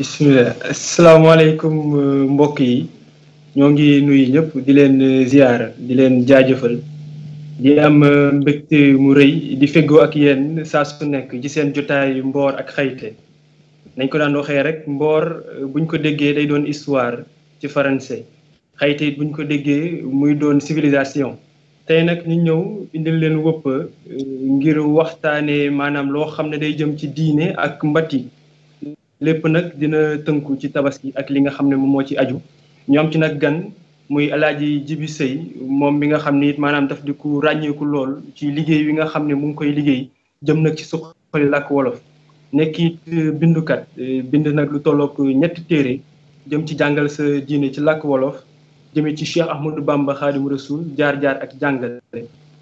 bisimilah asalaamaaleykum euh, mbokk yi ñoo ngi nuyu ñëpp di leen euh, ziyaara di leen jaajëfal di am euh, mbégte mu rëy di feggoo ak yéen saa su nekk ci seen jotaayu mboor ak xayte dañ ko daan waxee rek mboor buñ ko déggee day doon histoire ci faranse xayte it buñ ko déggee muy doon civilisation tey nag ñu ñëw indi leen wëpp ngir waxtaanee maanaam loo xam ne day jëm ci diine ak mbati lépp nag dina tënku ci tabaski ak li nga xam ci aju ñoom ci gan muy alaaji jibi sëy moom mi nga xam ne it maanaam daf di ku ràññeeku lool ci liggéey wi nga xam ne mu ngi koy liggéey jëm nag ci suqali làkk wolof nekk it euh, bindukat euh, bind nag lu tolloog ñetti téere jëm ci jàngal sa diine ci làkk wolof jëme ci cheikh ahmadou bamba xaadim rasul jaar jaar ak jàngale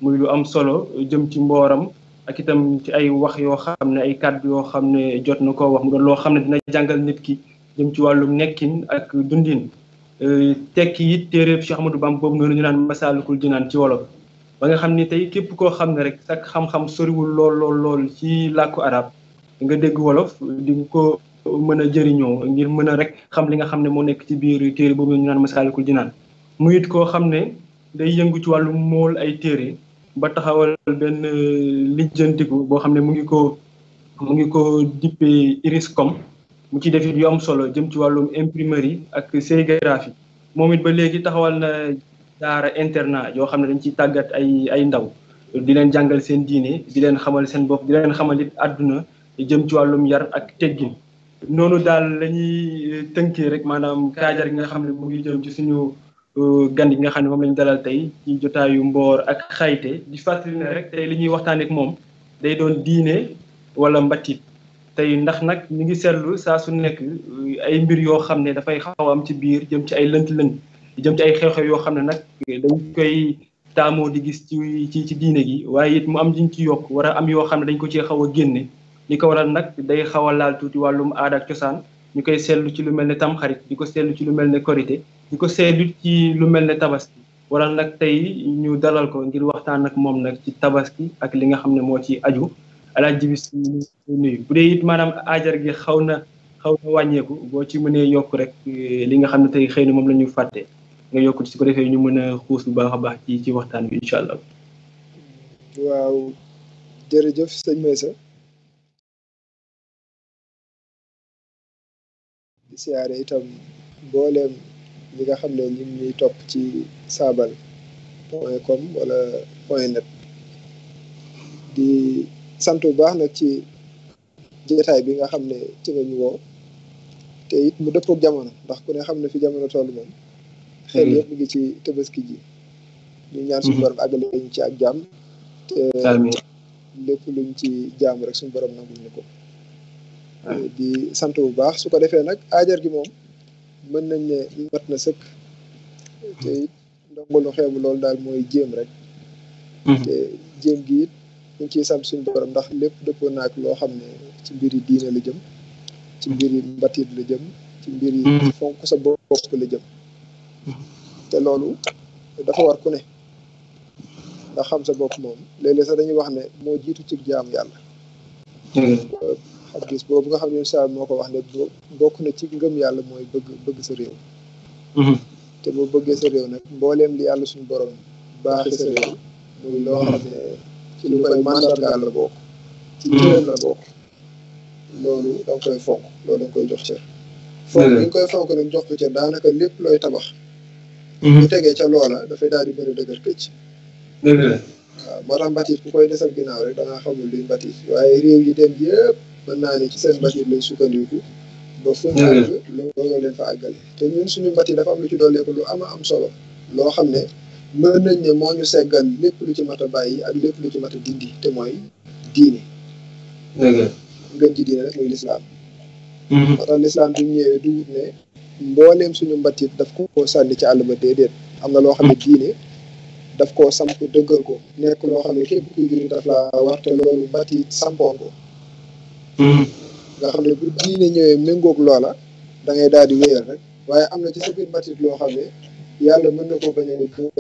muy lu am solo jëm ci mbooram ak itam ci ay wax yoo xam ne ay kàddu yoo xam ne jot na koo wax mu doon loo xam ne dina jàngal nit ki jëm ci wàllu nekkin ak dundin euh, tekki it téeréeb Cheikh Ahmadou Bamba boobu noonu ñu naan Masaalikul Jinaan ci wolof ba nga xam ne tey képp koo xam ne rek sax xam soriwul lool lool ci làkku arab nga dégg wolof di ko mën a jëriñoo ngir mën a rek xam li nga xam ne moo nekk ci biir téere boobu ñu naan Masaalikul Jinaan mu it koo xam ne day yëngu ci wàllum mool ay téere ba taxawal benn lijjantiku boo xam ne mu ngi ko mu ngi ko dippee IRISCOM mu ci defit yu solo jëm ci wàllum imprimerie ak sérigraphie moom it ba léegi taxawal na daara internat yoo xam ne dañ ciy tàggat ay ay ndaw di leen jàngal seen diine di leen xamal seen bopp di leen xamal it àdduna jëm ci wàllum yar ak teggin noonu daal lañuy ñuy eh, tënkee rek maanaam kaajar gi nga xam ne mu ngi jëm ci suñu gan yi nga xam ne moom la ñu dalal tey ci jotaayu mboor ak xayte di fàttali ne rek tey li ñuy waxtaanee ak moom day doon diine wala mbatit tey ndax nag ñu ngi seetlu saa su nekk euh, ay mbir yoo xam ne dafay xaw am ci biir jëm ci ay lënt-lënt jëm ay xew yoo xam ne nag dañ koy taamoo di gis ci ci ci diine gi waaye it mu am liñ ci yokk war a am yoo xam ne dañ ko cee xaw a génne li ko waral nag day xaw a laal tuuti wàllum aada ak cosaan ñu koy seetlu ci lu mel ne tamxarit di ko seetlu ci lu mel ne korité di ko seedut ci lu mel ne tabaski waral nag tey ñu dalal ko ngir waxtaan ak moom nag ci tabaski ak li nga xam ne moo ci aju alaaj jibi si nuyu bu dee it maanaam aajar gi xaw na xaw na wàññeeku boo ci mënee yokk rek eh, li nga xam ne tey xëy na moom lañuy ñu fàtte nga yokk si ko defee ñu mën a xuus bu baax a baax ci ci waxtaan wi incha allah waaw jërëjëf sëñ Meissa di siyaare itam mbooleem ñi nga xam ne ñu ngi ñuy topp ci saabal point com wala point net di sant bu baax nag ci jotaay bi nga xam ne ci nga ñu woo te it mu dëppook jamono ndax ku ne xam ne fi jamono toll moom xel mm-hmm. yëpp ngi ci tabaski ji ñu ñaan suñu mm-hmm. borom àggale ñu ci ag jàmm te lépp luñ ci jàmm rek suñu borom nanguñu ko di sant bu baax su ko defee nag aajar gi moom mën nañ ne mat na sëkk te it ndongo lu xeebu loolu daal mooy jéem rek mhm. te jéem gi it ñu ngi ciy sant suñu borom ndax lépp dëppoo naak loo xam ne ci mbir yi diine la jëm ci mbir yi mbatit la jëm ci mbir yi mhm. fonk sa bopp la jëm te loolu dafa war ku ne ndax xam sa bopp moom léeg sax dañuy wax ne moo jiitu ci jaam yàlla mhm. euh, xadis boobu nga xam ne saa moo ko wax ne bokk na ci ngëm yàlla mooy bëgg bëgg sa réew mm-hmm. te boo bëggee sa réew nag mbooleem li yàlla suñu borom baaxee sa réew muy ci lu koy mandargaal la bokk ci jëram mm-hmm. la loolu da koy fonk loolu nga koy jox cër fonk li koy fonk nag jox ko cër daanaka lépp looy tabax mm-hmm. bu tegee ca loola dafay daal di bëri dëgër këcc dëgg la waaw moo tax ku koy desal ginnaaw rek da ngaa xamul luy mbatiis waaye réew yi dem yëpp mën naa ne ci seen mbatit lañ sukkandiku ba fu ñu àgg mm-hmm. loolu leen fa àggale te ñun suñu mbatit dafa am lu ci dooleeku lu am am solo loo xam ne mën nañ ne moo ñu seggan lépp lu ci mat a bàyyi ak lépp lu ci mat a dindi te mooy diine ngën ji diine rek muy lislaam mm-hmm. moo tax lislaam bi mbooleem suñu mbatit daf ko sànni ci àll ba déedéet am na loo xam ne mm-hmm. diine daf koo samp dëggal ko nekk loo xam ne képp kuy jullit daf laa war te loolu mbatit sampoon ko Hmm. nga xam ne bu diine ñëwee méngoog loola da ngay daal di wéyal rek waaye am na ci sa biir batit loo xam ne yàlla mën na koo bañ a gërëm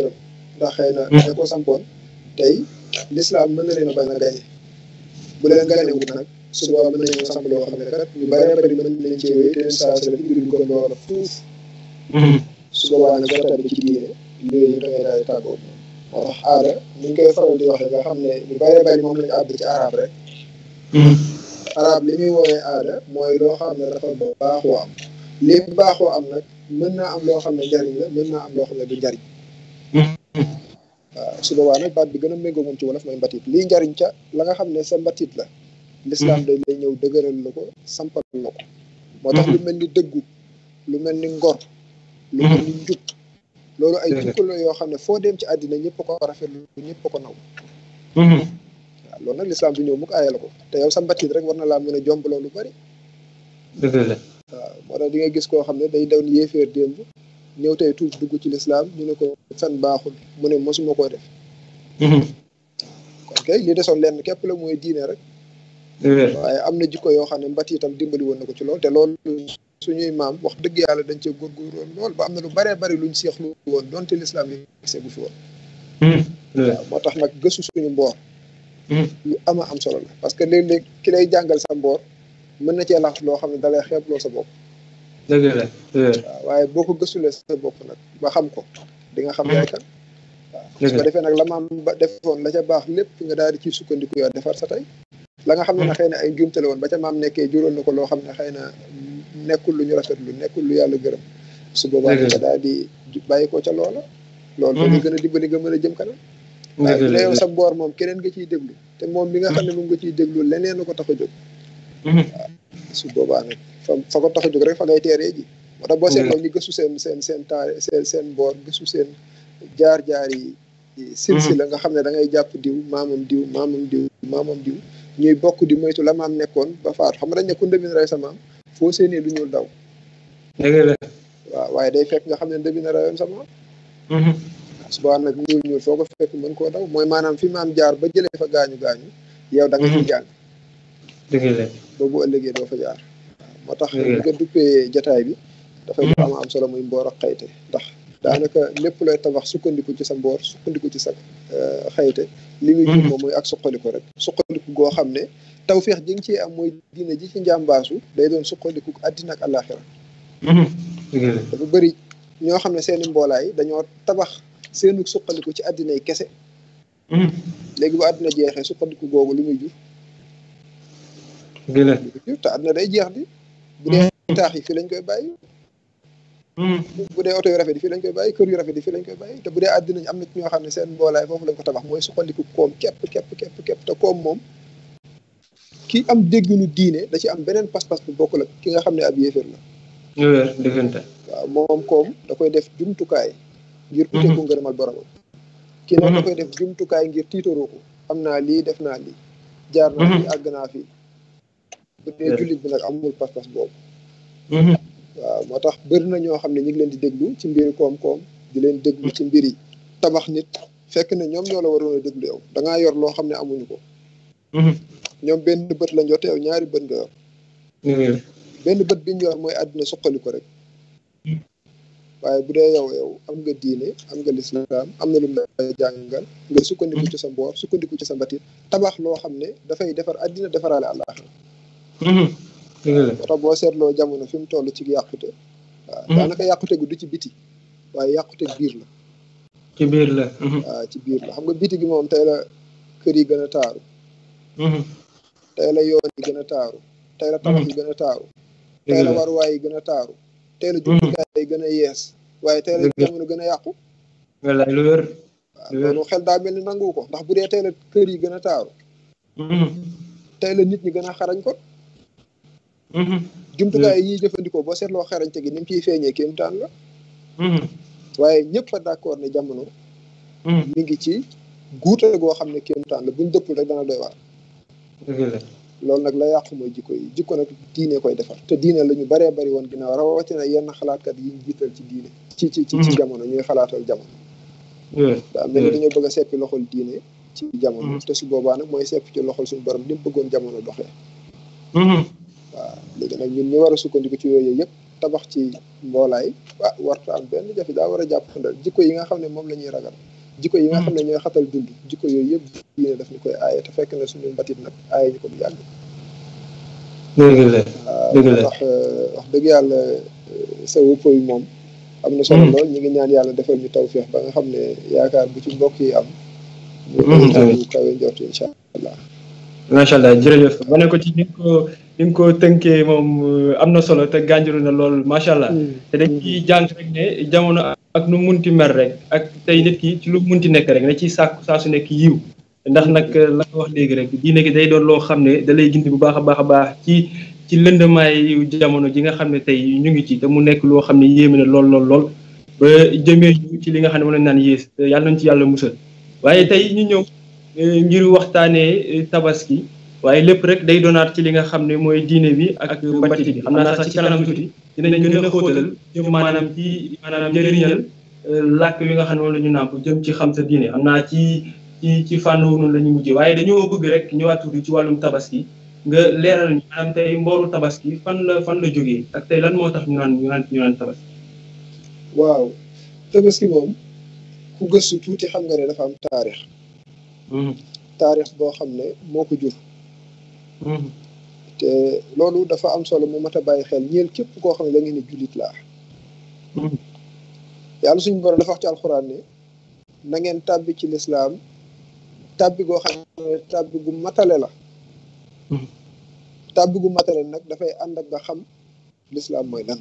ndax xëy na hmm. da ko sampoon tey lislaam mën na leen a bañ na gañe bu leen gañe wut nag su boobaa mën nañu samp loo xam ne kat ñu bari bari mën nañ cee wéy te saa sa la indil ko loola fuuf hmm. su boobaa nag ba ci diine yooyu da ngay daal di tàggoo moo ñu koy faral di waxee nga xam ñu bari bari moom lañu àbb ci arab rek arab li ñuy woowee aada mooy loo xam ne dafa baaxoo am lépp baaxoo am nag mën naa am loo xam ne njariñ la mën am loo xam du njariñ mm-hmm. waaw su boobaa nag baat bi gën a méngoo moom ci wolof mooy mbatit lii njariñ ca la nga xam ne sa mbatit la lislaam mm-hmm. day lay ñëw dëgëral la ko sampal la ko moo tax lu mm-hmm. mel ni dëggu lu mel ni ngor lu mel ni njub loolu ay jikko la yoo xam ne foo dem ci àddina ñëpp ko rafetlu ñëpp ko naw loolu nag lislaam du ñëw mukk aayal ko te yow sa mbatit rek war na laa mën a jombaloo lu bari dëgg la waaw moo tax di nga gis koo xam ne day doon yéeféer démb ñëw tey tuub dugg ci lislaam ñu ne ko fen baaxul mu ne mosuma koo def mhm. kon kay li desoon lenn képp la mooy diine rek waaye am na jikko yoo xam ne mbatiitam dimbali woon na ko ci loolu te loolu suñuy maam wax dëgg yàlla dañ cee góorgóorloon lool ba am na lu baree bari luñ lu woon donte lislaam yi seegu fi woon mhm. moo tax nag gëstu suñu mboor Hmm. yu ama am solo la parce que léeg-léeg ki lay jàngal sa mboor mën na cee lax loo xam ne dalay xeebloo sa bopp. waaye boo ko gëstulee sa bopp nag ba xam ko di nga xam hmm. yaay kan. waaw su ko defee nag la maam ba defoon la ca baax lépp nga daal di ciy sukkandiku yaa defar sa tey. la nga xam ne hmm. xëy na ay njuumte la woon ba ca maam nekkee juróon na ko loo xam ne xëy na nekkul lu ñu rafetlu nekkul lu yàlla gërëm. su boobaa nga daal di bàyyi ko ca loola. loolu dañuy gën a dimbali nga mën a jëm kanam. waaw léew sa boor moom keneen nga ciy déglu te moom mi nga xam ne moom nga ciy déglu leneen ko tax a mhm. su boobaa nag fa fa jóg rek fa ngay teeree ji moo tax boo seetloo mhm. ñu gëstu seen seen seen taar seen seen boor gëstu seen jaar-jaar yi silsila mhm. nga xam ne da ngay jàpp diw maamam diw maamam diw maamam diw ñuy bokk di moytu la nekkoon ba faatu xam nga dañ ne ku ndëmin rey sa maam foo séenee du ñuul daw dëgg waaw waaye day fekk nga xam ne ndëmin rayoon sa maam subaan nag ñuul ñuul foo ko fekk mën koo daw mooy maanaam fi maam jaar ba jëlee fa gaañu gaañu yow da nga mhm. ciy boobu ëllëgee doo fa jaar moo tax li duppee jataay bi dafay mhm. am solo muy xayte ndax daanaka lépp looy tabax sukkandiku ci sa mboor sukkandiku ci sa euh, xayte li muy mhm. mooy ak suqaliku rek suqaliku goo xam ne tawféex ji nga ciy am mooy diine ji ci njàmbaasu day doon suqaliku àddina ak àllaaxira dafa bëri ñoo xam ne seeni mboolaay dañoo tabax seenu suqaliku ci àddina yi kese hmm. léegi bu àddina jeexee suqaliku googu li muy jur te àddina day jeex di bu dee hmm. taax yi fii lañ koy bàyyi hmm. bu dee oto yu rafet yi fii lañ koy bàyyi kër yu rafet yi fii lañ koy bàyyi te bu dee àddina am na ci ñoo xam ne seen mboolaay foofu lañ ko tabax mooy suqaliku koom képp kepp kepp képp te koom moom ki am dégginu diine da ci am beneen pas-pas bu bokkul ak ki nga xam ne ab yéeféer la waaw moom koom da koy def jumtukaay ngir mhm. ute ko ngërëmal boromam kii nag da koy def jumtukaay ngir tiitaroo ko am naa lii def naa lii jaar naa lii mhm. àgg naa bu dee jullit bi nag amul pas-pas boobu mhm. waaw moo tax bëri na ñoo xam ne ñu ngi leen di déglu ci mbiri koom-koom di leen déglu ci mbiri tabax nit fekk ne ñoom ñoo la waroon a déglu yow dangaa yor loo xam ne amuñu ko ñoom benn bët lañ yor ñaari bët nga yor benn bët bi yor mooy àdduna suqali ko rek waaye bu dee yow yow am nga diine am nga lislaam am na lu mu la jàngal nga sukkandiku mm-hmm. ci sa mboor sukkandiku ci sa mbatit tabax loo xam ne dafay defar addina defaraale àllaaxira mm-hmm. moo boo seetloo jamono fi mu toll ci yàqute waaw mm-hmm. daanaka yàqute gu ci biti waaye yàqute biir la ci biir la xam nga biti gi moom tey la kër yi gën a taaru tey la yoon yi gën a taaru tey la tabax yi gën a taaru tey la waruwaay yi gën a taaru teel a mhm. jóg gaay gën a yees waaye teel a jamono gën a yàqu wallaay lu xel daa mel ni nangu ko ndax bu dee teel a kër yi gën a taaru mhm. teel a nit ñi gën a xarañ ko mhm. jumtukaay yi ñuy jëfandikoo boo seetloo xarañte gi ni mu ciy feeñee kéemtaan la waaye ñëpp a d'accord ne jamono mu ngi ci guute goo xam ne kéemtaan la buñ dëppul rek dana doy waar loolu nag la yàqu mooy jikko yi jikko nag diine koy defar te diine la ñu baree bari woon ginnaaw na yenn xalaatkat yi ñu jiital ci diine ci ci ci mm-hmm. jamono ñuy xalaatal jamono da am ni dañoo bëgg a seppi loxol diine ci jamono mm-hmm. te su boobaa nag mooy sepp ci loxol suñu borom ni bëggoon jamono doxee mm-hmm. waaw léegi nag ñun ñu war a sukkandiku ci yooyu yëpp tabax ci mboolaay ah warta am benn jafe daa war a jàpp jikko yi nga xam ne moom ragal jikko yi nga xam ne ñooy xatal dund jikko yooyu yëpp diine daf ñu koy aaye te fekk na suñu mbatit nag aaye ñu ko bu yàgg dëgg euh, wax dëgg yàlla euh, sa wëppa yi moom am na solo mm. lool ñu ngi ñaan yàlla defal ñu tawféex ba nga xam ne yaakaar bu ci mbokk yi am ñu mm, kawe njort incha allah macha allah jërëjëf ba ne ko ci ni ko ni ko tënkee moom euh, am na solo te gànjaru na lool macha allah. Mm. te dañ ciy jàng rek ne jamono ak nu munti mer rek ak tey nit ki ci lu munti nekk rek na ci sàkku saa su nekk yiw ndax nag euh, la wax léegi rek diine gi day doon loo xam ne dalay lay bu baax a baax a baax ci ci lëndamaayu jamono ji nga xam ne tey ñu ngi ci te mu nekk loo xam ne yéeme na lool lool lool ba jëmee ñu ci li nga xam ne mën nañ naan yées yàlla nañ ci yàlla musal waaye tey ñu ñëw euh, ngir waxtaanee tabaski. waye lepp rek day doonaat ci li nga xamne moy mooy diine bi ak bàcc bi xam sax ci kanam tuti dinañ gën a jëm manam ci manam jëriñal euh, lak yi nga xamne wala ñu nampu jëm ci xam sa diine xam ci ci ci fanu ñu lañu mujjé waye mujjee waaye dañoo bëgg rek ñëwaat tuti ci walum tabaski nga leeral ñu maanaam tay mbooru tabaski fan la fan la joggé ak tay lan mo tax ñu nan ñu nan ñu nan tabaski. waaw tabaski mom ku gëssu tuti xam nga ne dafa am tarikh mm-hmm. taarix boo xam ne moo ko jur. Mm-hmm. te loolu dafa am solo mu mat a bàyyi xel ñeel képp koo xam ne da ngeen ne jullit laa mm-hmm. yàlla suñ borom dafa wax ci alxuraan ne nangeen tàbbi ci lislaam tàbbi goo xam ne tàbbi gu matale la mm-hmm. tàbbi gu matale nag dafay ànd ak nga xam lislaam mooy lan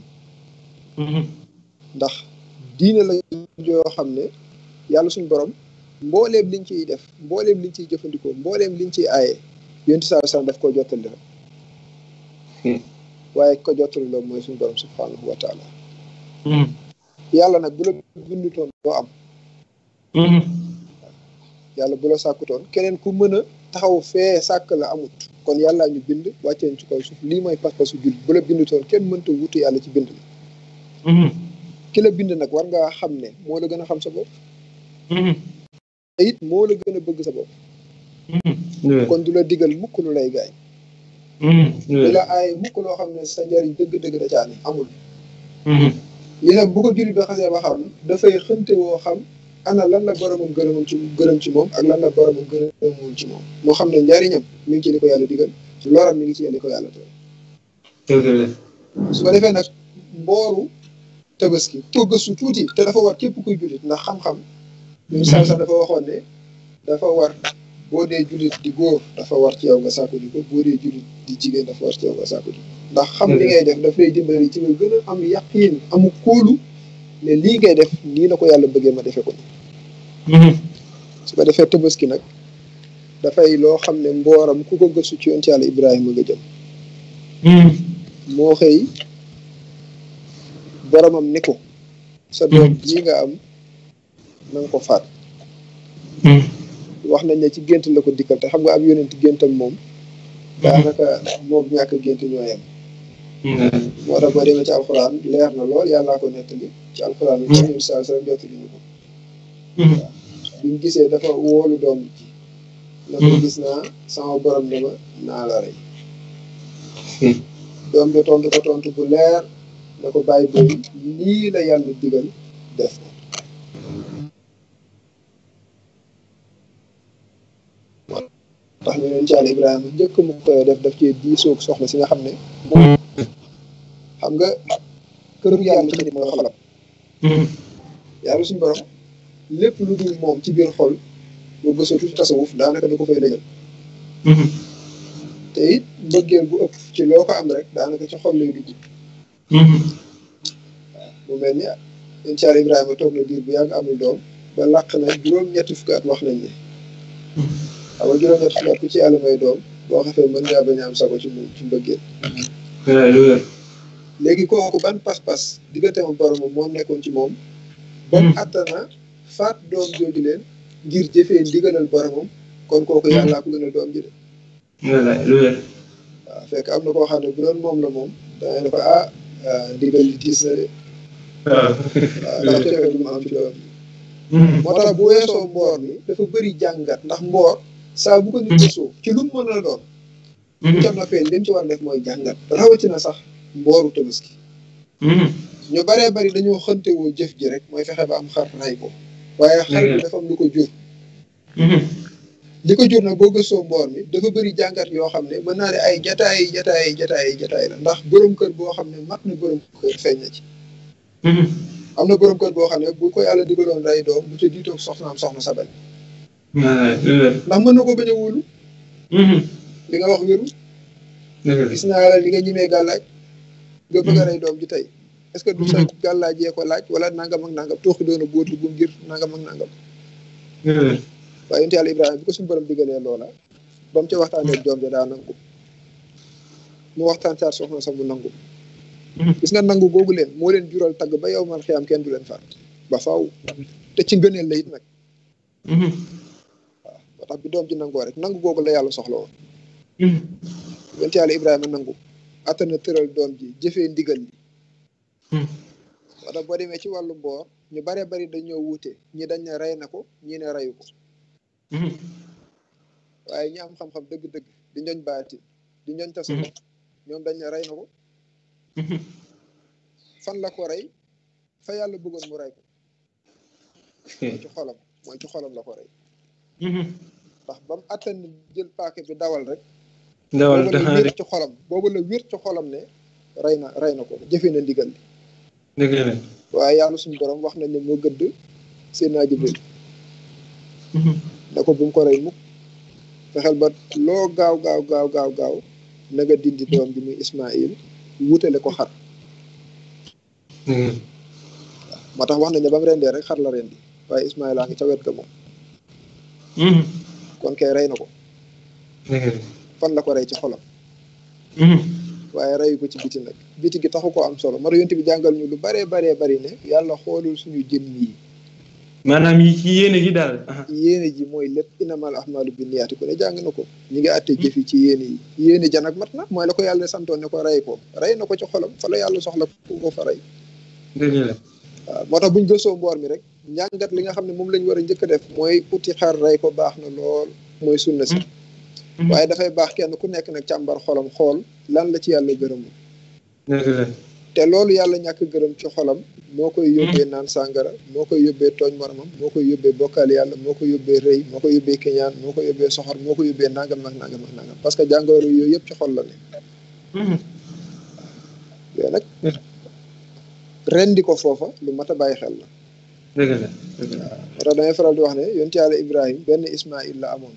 ndax diine la joo xam ne yàlla suñu borom mbooleem liñ ciy def mbooleem liñ ciy jëfandikoo mbooleem liñ ciy aaye yonent saa sallam daf koo jottali rek hmm. waaye ko jottali loolu mooy suñu borom subhanahu wa taala hmm. yàlla nag bu la bindutoon doo am hmm. yàlla bu la sàkkutoon keneen ku mën a taxaw fee sàkk la amut kon yàllaa ñu bind wàccee ci kaw suuf lii mooy pas-pasu jullit bu la bindutoon kenn mënta wutu yàlla ci bind la ki la bind nag war ngaa xam ne moo la gën a xam sa bopp te moo la gën a bëgg sa bopp kon du la diggal mukk lu lay gaañ hmm. du la aay mukk loo xam ne sa njariñ dëgg-dëgg da caa amul hmm. lii nag bu ko jullit ba xasee ba xam dafay xënte woo xam ana lan la boromam gërëmam ci gërëm ci moom ak lan la boromam gërëmam ci moom moo xam ne njariñam mi ngi ci li ko yàlla digal loram mi ngi ci li ko yàlla tere su ko defee nag mbooru tabaski ko gëstu tuuti te dafa war képp kuy jullit ndax xam-xam ñu sal sax dafa waxoon ne dafa war boo dee jullit di góor dafa war ci yow nga sàkku ji ko boo dee jullit di jigéen dafa war ci yow nga sàkku ji ndax xam li ngay def dafay lay dimbali ci nga gën a am yaqiin amu kóolu ne lii ngay def nii la ko yàlla bëggee ma defee ko mhm. su ko defee tabaski nag dafay loo xam ne mbooram ku ko gëstu ci yoon ci yàlla Ibrahima nga jëm mhm. moo xëy boromam ni ko sa doom mhm. ji nga am na ko faat wax nañ ne ci gént la ko dikkal te xam nga ab yonent géntam moom mhm. daanaka moom ñàkk gént ñoo yem mhm. moo tax boo demee ci alxuraan leer na lool yàllaa ko nettali ci alxuraan bi ñoom saa sara jottali mhm. dafa wóolu doom naa sama borom ne ma naa la rey doom bi tontu ko tontu bu leer na ko bàyyi bëy lii la yàlla digal def yonent Yàlla Ibrahima njëkk mu koy def daf cee soxna si nga xam ne. Mm. xam nga këram yàlla mi xadim nga xalam. suñu borom lépp lu dul moom ci biir xol bu gëstu ci tasawuf daanaka du ko fay dajal. Mm-hmm. te it mbëggeel bu ëpp ci loo ko am rek daanaka ci xol lay dugg. Mm-hmm. mu mel ni yonent amul doom ba làq na juróom-ñetti fukki wax nañ ne. Mm-hmm. xam nga juróom ñetti at ku ci yàlla may doom boo xafee mën ngaa bañ a am sago ci ci léegi kooku ban pas-pas diggante am boromam moo nekkoon ci moom ba hmm. attana faat doom jooju leen ngir jëfee ndigalal boromam kon kooku yàllaa hmm. ko gënal doom ji de waaw fekk am na koo xam ne bu doon moom la moom danañ ne ko ah ndigal li diis na de waaw ndax teewee du ma am ci doom moo tax bu weesoo mboor mi dafa bëri jàngat saa bu ko nit mhm. gëstoo ci lu mu mën a doon. bu mhm. jot na feeñ li ci war a def mooy jàngat rawatina sax mbooru tabaski. Mhm. ñu baree bari dañoo xënte woo jëf ji rek mooy fexe ba am xar ray ko. waaye xar bi dafa lu ko jur. li ko jur nag boo gëstoo mboor mi dafa bari jàngat yoo xam ne mën naa ne ay jataay jataay jataay jataay la ndax borom kër boo xam ne mat na borom kër feeñ na ci. am na borom kër boo xam ne bu ko yàlla digaloon rey doom bu ca diitoog soxnaam soxna sa bañ. Ah, ndax mën na ko bañ a wóolu. Mhm. li nga wax wéru. gis naa li nga ñemee gàllaaj. nga bëgg a mhm. rey doom ji tey. est-ce que du mhm. sa gàllaaj yee ko laaj wala nangam ak nangam tooxi doon a bóot bu ngir nangam ak nangam. waaye yonent yàlla Ibrahima bi ko suñu borom diggalee loola. ba mu ca waxtaanee doom ja daa nangu. mu waxtaan saar soxna sax mu nangu. gis nga nangu googu leen moo leen jural tagg ba yow man xiyam kenn du leen faat. ba faaw te ci ngëneel la nag. ndax bi doom ji nangoo rek nangu googu la yàlla soxla woon hmm. yonent yàlla ibrahima nangu attan na tëral doom ji jëfee ndigal li hmm. boo demee ci wàllu mboor ñu bare bari dañoo wuute ñi dañ ne na ko ñi ne reyu ko hmm. waaye ñi am xam-xam dëgg-dëgg di njoñ baati di njoñ tasu ñoom dañ ne rey na ko fan la ko rey fa yàlla bëggoon mu rey ko mooy ci xolam mooy ci xolam la ko rey ndax ba mu attan jël paaka bi dawal rek. dawal daxaar boobu ci xolam boobu la wér ci xolam ne rey na rey na ko jëfee na ndigal li. dëgg yàlla suñu borom wax nañ ne moo gëdd Seydina Jibril. ko bu mu ko rey mukk fexeel ba loo gaaw gaaw gaaw gaaw gaaw na nga dindi doom bi muy Ismaïl wutale ko xar. moo tax wax nañ ba mu rendee rek xar la rendi waaye Ismaïl a ngi ca wet ga moom. Mhm. kon kay rey na ko mm-hmm. fan la ko rey ci xolam mm-hmm. waaye reyu ko ci biti nag biti gi taxu ko am solo mara yonte bi jàngal ñu lu baree baree bari ne yàlla xoolul suñu jëmm yi maanaam yi ci yéene ji daal yéene ji mooy lépp inamal ahmalu bi niyaati ku ne jàng na ko ñi ngi àtte jëfi ci yéene yi yéene ja mat na mooy la ko yàlla santoon ne ko rey ko rey na ko ci xolam fa la yàlla soxla ko fa rey waaw moo tax bu ñu gëstoo mboor mi rek njàngat li nga xam ne moom lañ war a njëkk a def mooy uti xar rey ko baax na lool mooy sunna si mm-hmm. waaye dafay baax kenn ku nekk nag càmbar xolam xool lan la ci yàlla gërëmul te loolu yàlla ñàkk gërëm ci xolam moo koy mm-hmm. yóbbee naan sàngara moo koy yóbbee tooñ moromam moo koy yóbbee bokkaal yàlla moo koy yóbbee rëy moo koy yóbbee keñaan moo koy yóbbee soxor moo koy yóbbee nangam ak nangam ak nangam parce que jàngoro yooyu yëpp ci xol la rendi ko foofa lu mat a bàyyi xel la. dëgg la dëgg faral di wax ne yonti yàlla Ibrahim benn Ismaïl la amoon.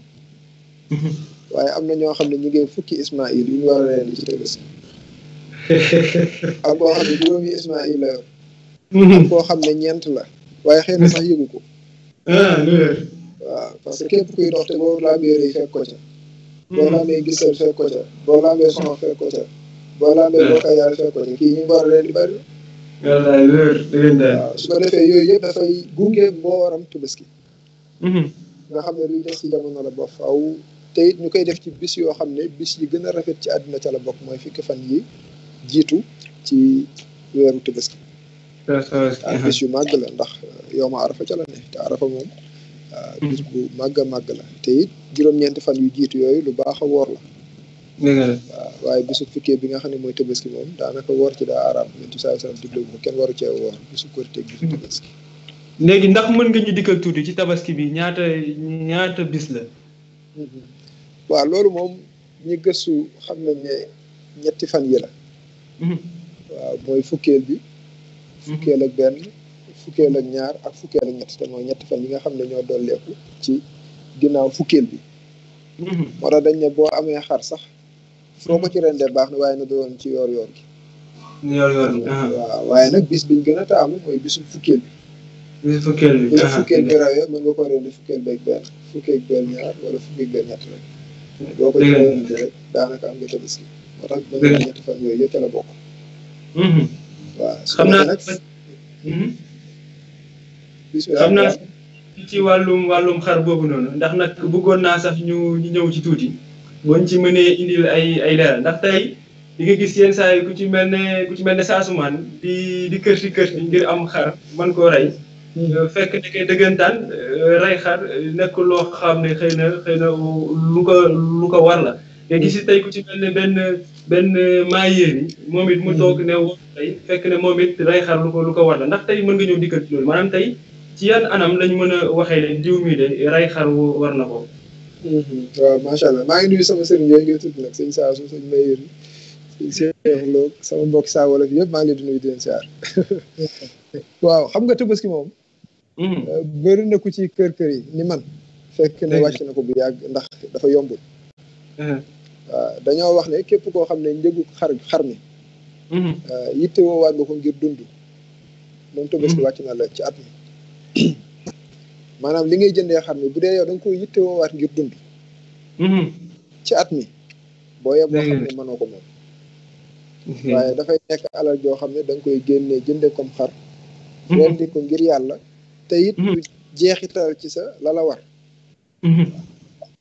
Mhm. waaye am na ñoo xam ne ñu ngi fukki Ismaïl yu ñu war a rendi ci tëgg si. Mhm. ak koo xam ne ñeent la. waaye xëy na sax yëgu ko. Ah, parce que képp kuy dox te boo laabeeree yi fekk ko ca. Mhm. boo laambee gisal fekk ko ca. boo laambee boo laambee ah. fekk ko ca kii ñu war rendi bari. wallaay wér su ko defee yooyu yëpp dafay gunge mbooram Tabaski. Mhm. nga xam ne luy def ci jamono la ba faaw te it ñu koy def ci bis yoo xam ne bis yi gën a rafet ci àdduna ca la bokk mooy fukki fan yi jiitu ci weeru Tabaski. ak bis yu màgg la ndax uh, yow ma arafa ca la ne te arafa moom. Uh, mhm. bis bu màgg a màgg la te it juróom-ñeenti fan yu jiitu yooyu lu baax a woor la. waaw waaye bisu fikkee bi nga xam ne mooy tabaski moom daanaka woor ci daa araam yonent bi sallallahu digle ko kenn waru hmm. cee woor bisu korité bisu tabaski léegi ndax mën nga ñu dikkal tuuti ci tabaski bi ñaata ñaata bis la waaw loolu moom ñi gëstu xam nañ ne ñetti fan yi la waaw mooy fukkeel bi fukkeel ak benn fukkeel ak ñaar ak fukkeel ak ñett te mooy ñetti fan yi nga xam ne ñoo dolleeku ci ginnaaw fukkeel bi moo tax dañ ne boo amee xar sax soo ma ci rendee baax na waaye na doon ci yoor yoor waaye nag bis biñ gën a taamu mooy bisu fukkeel bi bisu fukkeel bi bu fukkeel bi rawee mën ko rendi fukkeel beeg benn fukkeeg benn ñaar wala fukkeeg benn ñett daanaka am nga tabaski moo tax mën nga ñetti fan yooyu yëpp bokk mhm. xam naa nag mhm. bismillah xam naa ci wàllum wàllum xar boobu noonu ndax nag bëggoon naa sax ñu ñu ñëw ci tuuti boo ci mënee indil ay ay ndax tey li nga gis yenn saa yi ku ci mel ne ku ci mel ne saasumaan di di kër si kër si ngir am xar mën koo rey. Hmm. Euh, fekk ne kay dëggantaan euh, rey xar euh, nekk loo xam ne xëy na xëy na lu ko lu ko war la. nga gis tey ku ci mel ne benn benn maayeer moom it mu hmm. toog ne woon tey fekk ne moom it rey xar lu ko lu ko war la ndax tey mën nga ñëw dikkal ci loolu maanaam tey ci yan anam lañ mën a waxee ne diw mii de rey xar war na ko. Mm-hmm. waaw macha allah maa ngi nuyu sama sëriñ yooyu ngay tudd nag sëñ Saasu sama mbokk saa wala fi yëpp maa ngi leen di nuyu di mm-hmm. waaw xam nga Tabaski moom mm-hmm. euh, bëri na ci kër kër yi ni man fekk ne wàcc na ko bu yàgg ndax dafa yombul uh-huh. waaw dañoo wax ne képp koo xam ne njëgu xar xar mi euh, yitte woowaat nga ko ngir dund moom Tabaski wàcc na la ci at mi maanaam li ngay jëndee xar mi bu dee yow da koy yitte woowaat ngir dund mm-hmm. ci at mi boo yeb boo xam mm-hmm. ko moom mm-hmm. waaye dafay nekk alal joo xam ne da koy génne jënde comme xar rendi ko ngir yàlla te it du jeexital ci sa la la war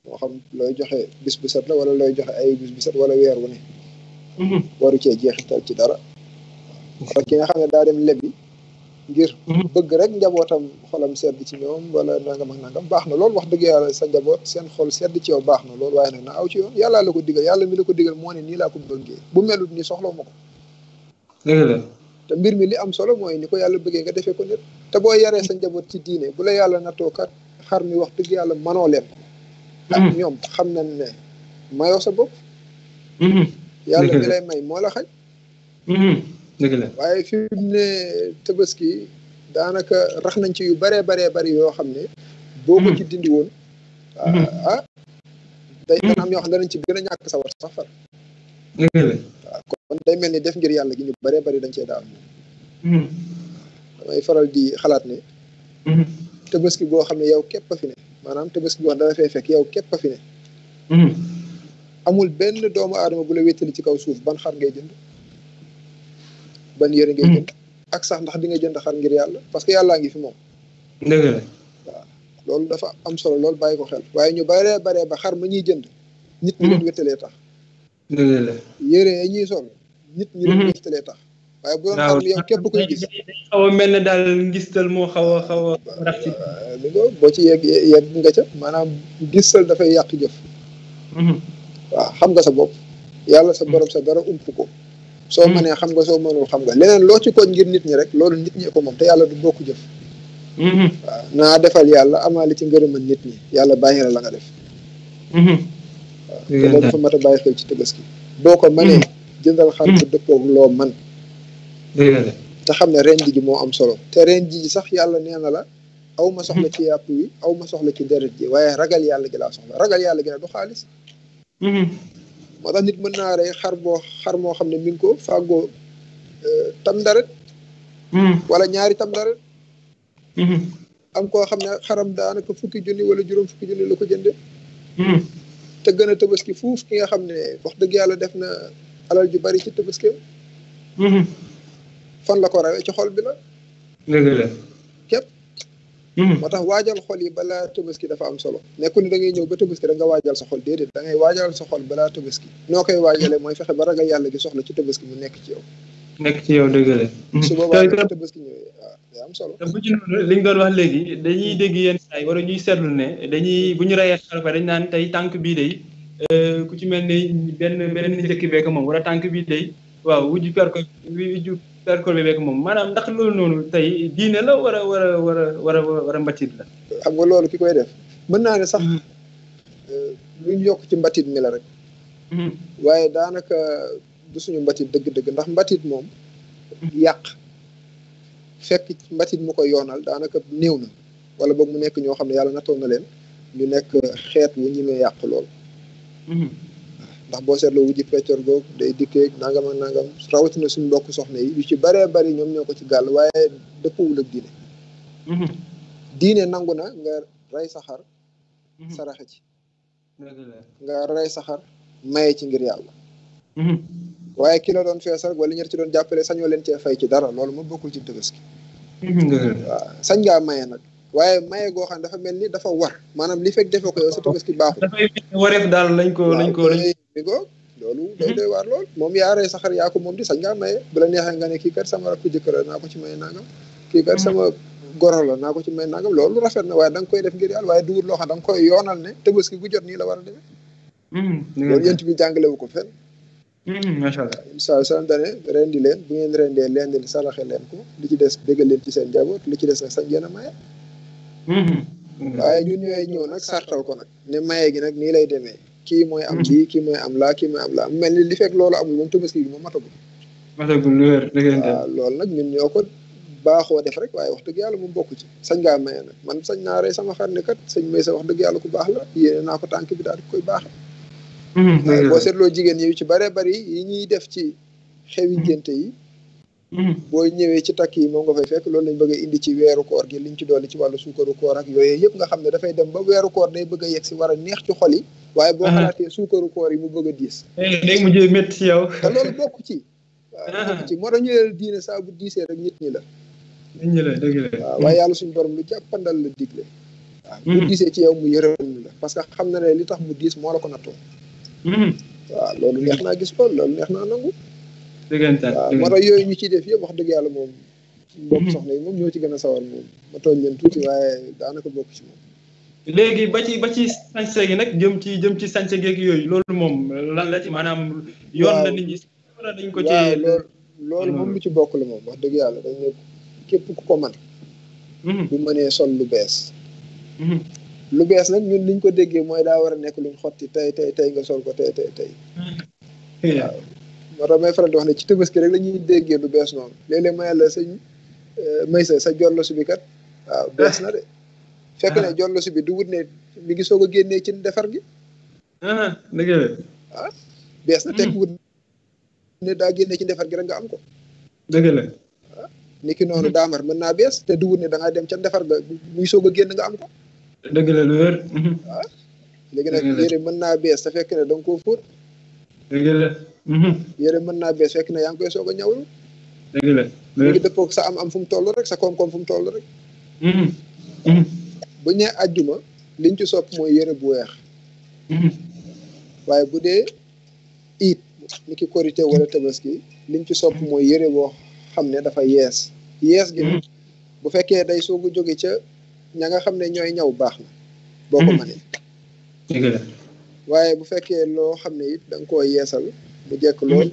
moo xam looy joxe bis bu set la wala looy joxe ay bis bu set wala weer wu ne waru cee jeexital ci dara parce ki nga xam ne daa dem lebi ngir mhm. bëgg rek njabootam xolam sedd ci ñoom wala nangam ak nangam baax na lool wax dëgg yàlla sa njaboot seen xol sedd ci yow baax na loolu waaye nag na aw ci yoon yàlla la ko digal yàlla mi la ko digal moo ne la te mbir mi li am solo mooy ni ko yàlla bëggee nga defee ko nit te boo yaree sa njaboot ci diine bu la yàlla nattoo kat xar mi wax dëgg yàlla manoo leen mhm. ak ñoom xam nañ ne mayoo sa bopp mhm. yàlla mi lay may moo la xaj dëgg waaye fi mu ne tabaski daanaka rax nañ ci yu bëree baree bëri yoo xam ne. boo ko mhm. ci dindi woon. ah, mhm. ah day dana am xam ne danañ ci gën a ñàkk sawar sax far. dëgg la ah, day mel ni def ngir yàlla gi ñu bëree bëri dañ cee daal. Mhm. damay faral di xalaat ne. tabaski boo xam ne yow képp a fi ne maanaam tabaski boo xam ne dala fay fekk yow képp a fi ne. amul benn doomu aadama bu la wéttali ci kaw suuf ban xar ngay jënd. ban yëre ngay hmm. jënd ak sax ndax di nga jënd xar ngir yàlla parce que yàllaa ngi fi moom dëgg la waaw loolu dafa am solo lool bàyyi ko xel waaye ñu baree baree ba xar ma ñuy jënd nit ñi leen hmm. wéttalee tax dëgg la yére ya ñuy sol nit ñi leen hmm. wéttalee tax waaye bu doon xam yow képp koy gis xaw a mel ne daal ngistal moo xaw a xaw a ci li nga boo ci yegg yegg nga ca maanaam ngistal dafay yàq jëf waaw xam nga sa bopp yàlla sa borom sa dara umpu ko soo manee hmm. xam nga soo mënul xam nga leneen loo ci ko ngir nit ñi rek loolu nit ñee ko moom te yàlla du bokku jëf hmm. waaw naa defal yàlla amaali ci ngërëmal nit ñi yàlla bàyyi la la nga def hmm. waaw te loolu dafa boo ko mënee jëndal xar bu loo man te xam ne ren ji moo am solo te ren ji sax yàlla nee na la aw ma soxla ci yàpp wi aw ma soxla ci deret ji waaye ragal yàlla ji laa soxla ragal yàlla gi ne du xaalis moo nit mën naa rey xar xar moo xam ne mi ngi ko fàggoo euh, tam daret hmm. wala ñaari tam daret hmm. am koo xam ne xaram daanaka fukki junni wala juróom fukki junni la ko jënde hmm. te gën a tabaski ki nga xam ne wax dëgg yàlla def na alal ju bari ci tabaski fan la ko rawee ci xol bi la Mhm. moo tax waajal xol yi balaa tabaski dafa am solo nekkul ni da ngay ñëw ba tabaski da nga waajal sa xol déedéet da ngay waajal sa xol balaa tabaski noo koy waajalee mooy fexe ba ragal yàlla gi soxla ci tabaski mu nekk ci yow nekk ci yow dëgg la su mhm. boobaa tabaski ñëwee ah, waaw ne dañuy bu ñu rayee xar fa dañ naan tey tànk bii day euh, ku ci mel ni benn beneen njëkk beek moom wala tànk bii day waaw wujju per ko wujju percole bi beeg moom maanaam ndax loolu noonu tey diine la war a war a war a war a la. xam nga loolu ki koy def mën naa ne sax hmm. euh, lu ñu yokk ci mbatit mi la rek. Hmm. waaye daanaka du suñu mbatit dëgg-dëgg ndax mbatit moom. yàq fekk mbatit mu ko yoonal daanaka néew na wala boog mu nekk ñoo xam ne yàlla nattoon na leen ñu nekk xeet wu ñi may yàq ndax boo seetloo wujji peccoor goog day dikkeeg nangam ak nangam rawatina suñu mbokk soxna yi yu ci bëree bëri ñoom ñoo ko ci gàll waaye dëppawul ak diine mhm. diine nangu na nga rey saxar mhm. saraxe ci nga rey saxar maye ci ngir yàlla mhm. waaye ki doon feesal wala ñer ci doon jàppale sañoo leen cee fay ci dara loolu ma bokkul ci tabaski waaw sañ ngaa maye nag waaye maye goo xam dafa mel ni dafa war maanaam li fekk defee ko yow sa tabaski baaxul. dafay wareef daal lañ ko lañ loolu day doy waar lool moom yaa rey saxar yaa ko moom di sañ ngaa maye bu la neexee nga ne kii kat sama rakku jëkkër naa ko ci may nangam kii kat sama goro la naa ko ci may nangam loolu rafet na waaye da nga koy def ngir yàlla waaye duwul loo xam da nga koy yoonal ne tabaski gu jot nii la war a demee hmm, loolu yent bi jàngale wu ko fenn hmm, macha allah saa salaam dane rendi leen bu ngeen rendee leen di salaxe leen ko li ci des déggal leen ci seen njaboot li ci des sax sañ ngeen a maye waaye ñun ñooy ñëw nag sartal ko nag ne maye gi nag nii lay demee kii mooy am ci kii mooy am laa kii mooy am laa mel ni li fekk loolu amul moom tabaski bi moom matagul matagul lu wér waaw loolu nag ñun ñoo ko baaxoo def rek waaye wax dëgg yàlla moom bokk ci sañ ngaa maye nag man sañ naa rey sama xar ne kat sañ may sa wax dëgg yàlla ku baax la yéene naa ko tànk bi daal di koy baax hmm, waaye boo seetloo jigéen ñi ci bare bari yi ñuy def ci xewi ngénte yi Mm-hmm. boo ñëwee ci takk yi moom nga fay fekk loolu lañ bëgg indi ci weeru koor gi liñ ci dolli ci wàllu suukaru koor ak yooyu yëpp nga xam ne dafay dem ba neex ci xol yi waaye boo xalaatee suukaru yi mu bëgg a diis eh, bokk ci ci moo tax ñu leen diine saa bu diisee rek ñi la nit ñi la dëgg la waaw waaye yàlla suñu borom lu jàppandal mm-hmm. ci yow mu yërëm la que xam na ne li tax mu diis moo la ko nattoo mm-hmm. waaw loolu neex naa gis loolu loolu neex naa nangu dëggantaan waaw moo tax yooyu ñu ciy def yëpp wax dëgg yàlla moom mbokk hmm. soxna yi moom ñoo ci gën a sawar moom ma tooñ leen tuuti daanaka bokk ci moom léegi ba ci ba ci sañse gi nag jëm ci jëm ci sañse geeg yooyu loolu moom lan la ci maanaam yoon la nit ñi wala dañ ko ci loolu loolu moom hmm. lu ci bokk la moom wax dëgg yàlla dañ ne képp ku ko man hmm. bu mënee sol lu bees lu bees nag ñun liñ ko déggee mooy daa war a nekk luñ xotti tey tey tey nga sol ko tey tey tey waaw moo tax may faral di wax ne ci ki rek la ñuy déggee lu bees noonu léeg-léeg ma yàlla sa euh, may sa sa jollosu bi kat waaw bees na de fekk ne ah. jollosu bi du ne mi ngi soog a génnee ci defar gi ah, la ah bees na hmm. tekk wut ne daa ci defar gi rek nga am ko dëgg la ah ni hmm. daamar mën naa bees te du wut ne da ngaa dem ca defar ga muy soog a génn nga am ko dëgg la lu wér waaw ah, nag yére mën naa bees te fekk ne da nga koo fóot yere mën naa bees fekk ne yaa ngi koy soog a ñawlu dëgg la mu sa am am fu mu toll iya, rek sa koom-koom fu mu toll rek bu ñee àjjuma liñ ci sopp mooy yére bu weex waaye bu dee iit ni ki korité wala tabaski liñ ci sopp mooy yére boo xam ne dafa yees yees gi bu fekkee day soogu jóge ca ña nga xam ne ñooy ñaw baax na boo mhm. ko mënee waaye bu fekkee loo xam it da nga koo yeesal mu jekk lool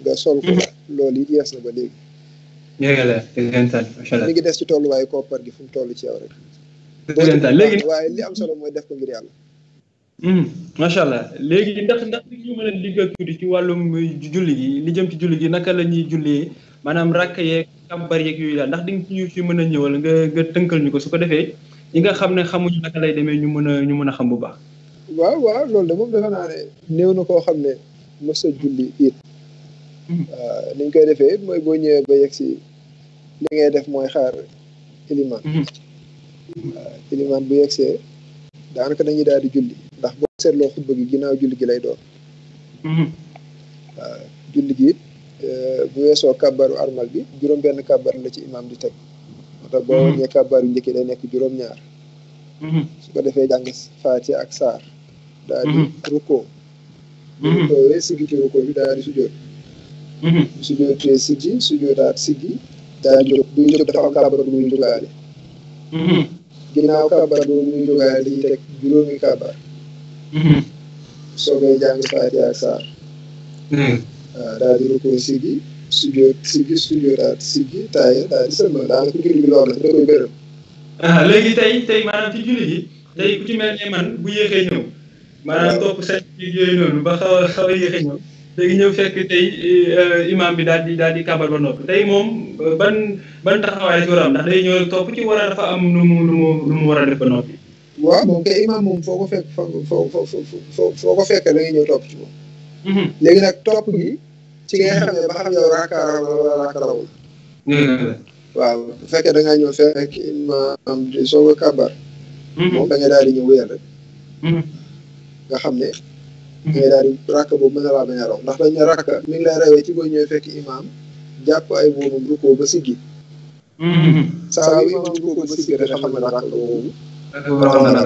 nga sol ko lool yi yes na ba léegi dëgg tegental dëggantaan macha allah dess ci tollu way ko par gi fu tollu ci yow rek tegental léegi way li am solo moy def ko ngir yalla hmm allah léegi ndax ndax li ñu mën a liggéey ci walum julli gi li jëm ci julli gi naka la ñuy jullee maanaam rakk yeeg kàmbar yeeg ndax di ñu ci mën a ñëwal nga nga teunkal ñuko ko su ko defee ñi nga xam ne xamuñu naka lay démé ñu mën ñu mën xam bu baax waaw waaw loolu de moom defe naa ne néew na koo xam ne mës Juli julli it neng koy defee it mooy boo ba si li ngay def mooy xaar iliman iliman bu yegsee daanaka dañuy daal di julli ndax boo seetloo xutba gi ginnaaw julli gi lay doon julli gi it bu weesoo kàbbaru armal bi juróom benn kàbbar la ci imam di teg moo tax boo ke kàbbaru njëkki day nekk juróom ñaar su ko defee jàng faati ak saar daal di bu koowee siggi ci rukkoo bi daal di sujjoot mm-hmm. sujjootee siggi sujjootaat siggi daal jóg buy jóg dafa am kàbbar bu muy jógaale mm-hmm. ginnaaw kàbbar bu muy jógaale dañuy teg juróomi kàbbar mm-hmm. soogay jàng faatiha ak saar waaw daal di rukkoo siggi sujjoot siggi sujjootaat siggi taaya daal di sëlmal daanaka julli bi loolu la da koy gërëm ah, léegi tey tey maanaam ci julli gi ku ci ne man bu yéexee maanaam topp sàcc yooyu noonu ba xaw a xaw a yéex a ñëw euh, bi daal di daal di kàbbal ba noppi moom euh, ban ban a am ndax day topp ci war a dafa am nu mu nu mu nu ba noppi. waaw moom kay imam moom foo ko fekk foo foo foo ko fekk da ngay ñëw topp ci moom. Mm-hmm. léegi nag topp gi ci ngay xam ne ba xam yow raaka wala raaka rawul. waaw bu fekkee da ngaa ñëw fekk imam di soog a mm-hmm. moom da daal di ñëw wéyal rek. Mm-hmm. nga xam ne ngay daal di rakk boobu mën na laa a raw ndax dañ ne rakk mi ngi lay ci boo ñëwee fekk imaam jàpp ay boobu rukkoo ba ba siggi dafa xam ne rakk la boobu raw na la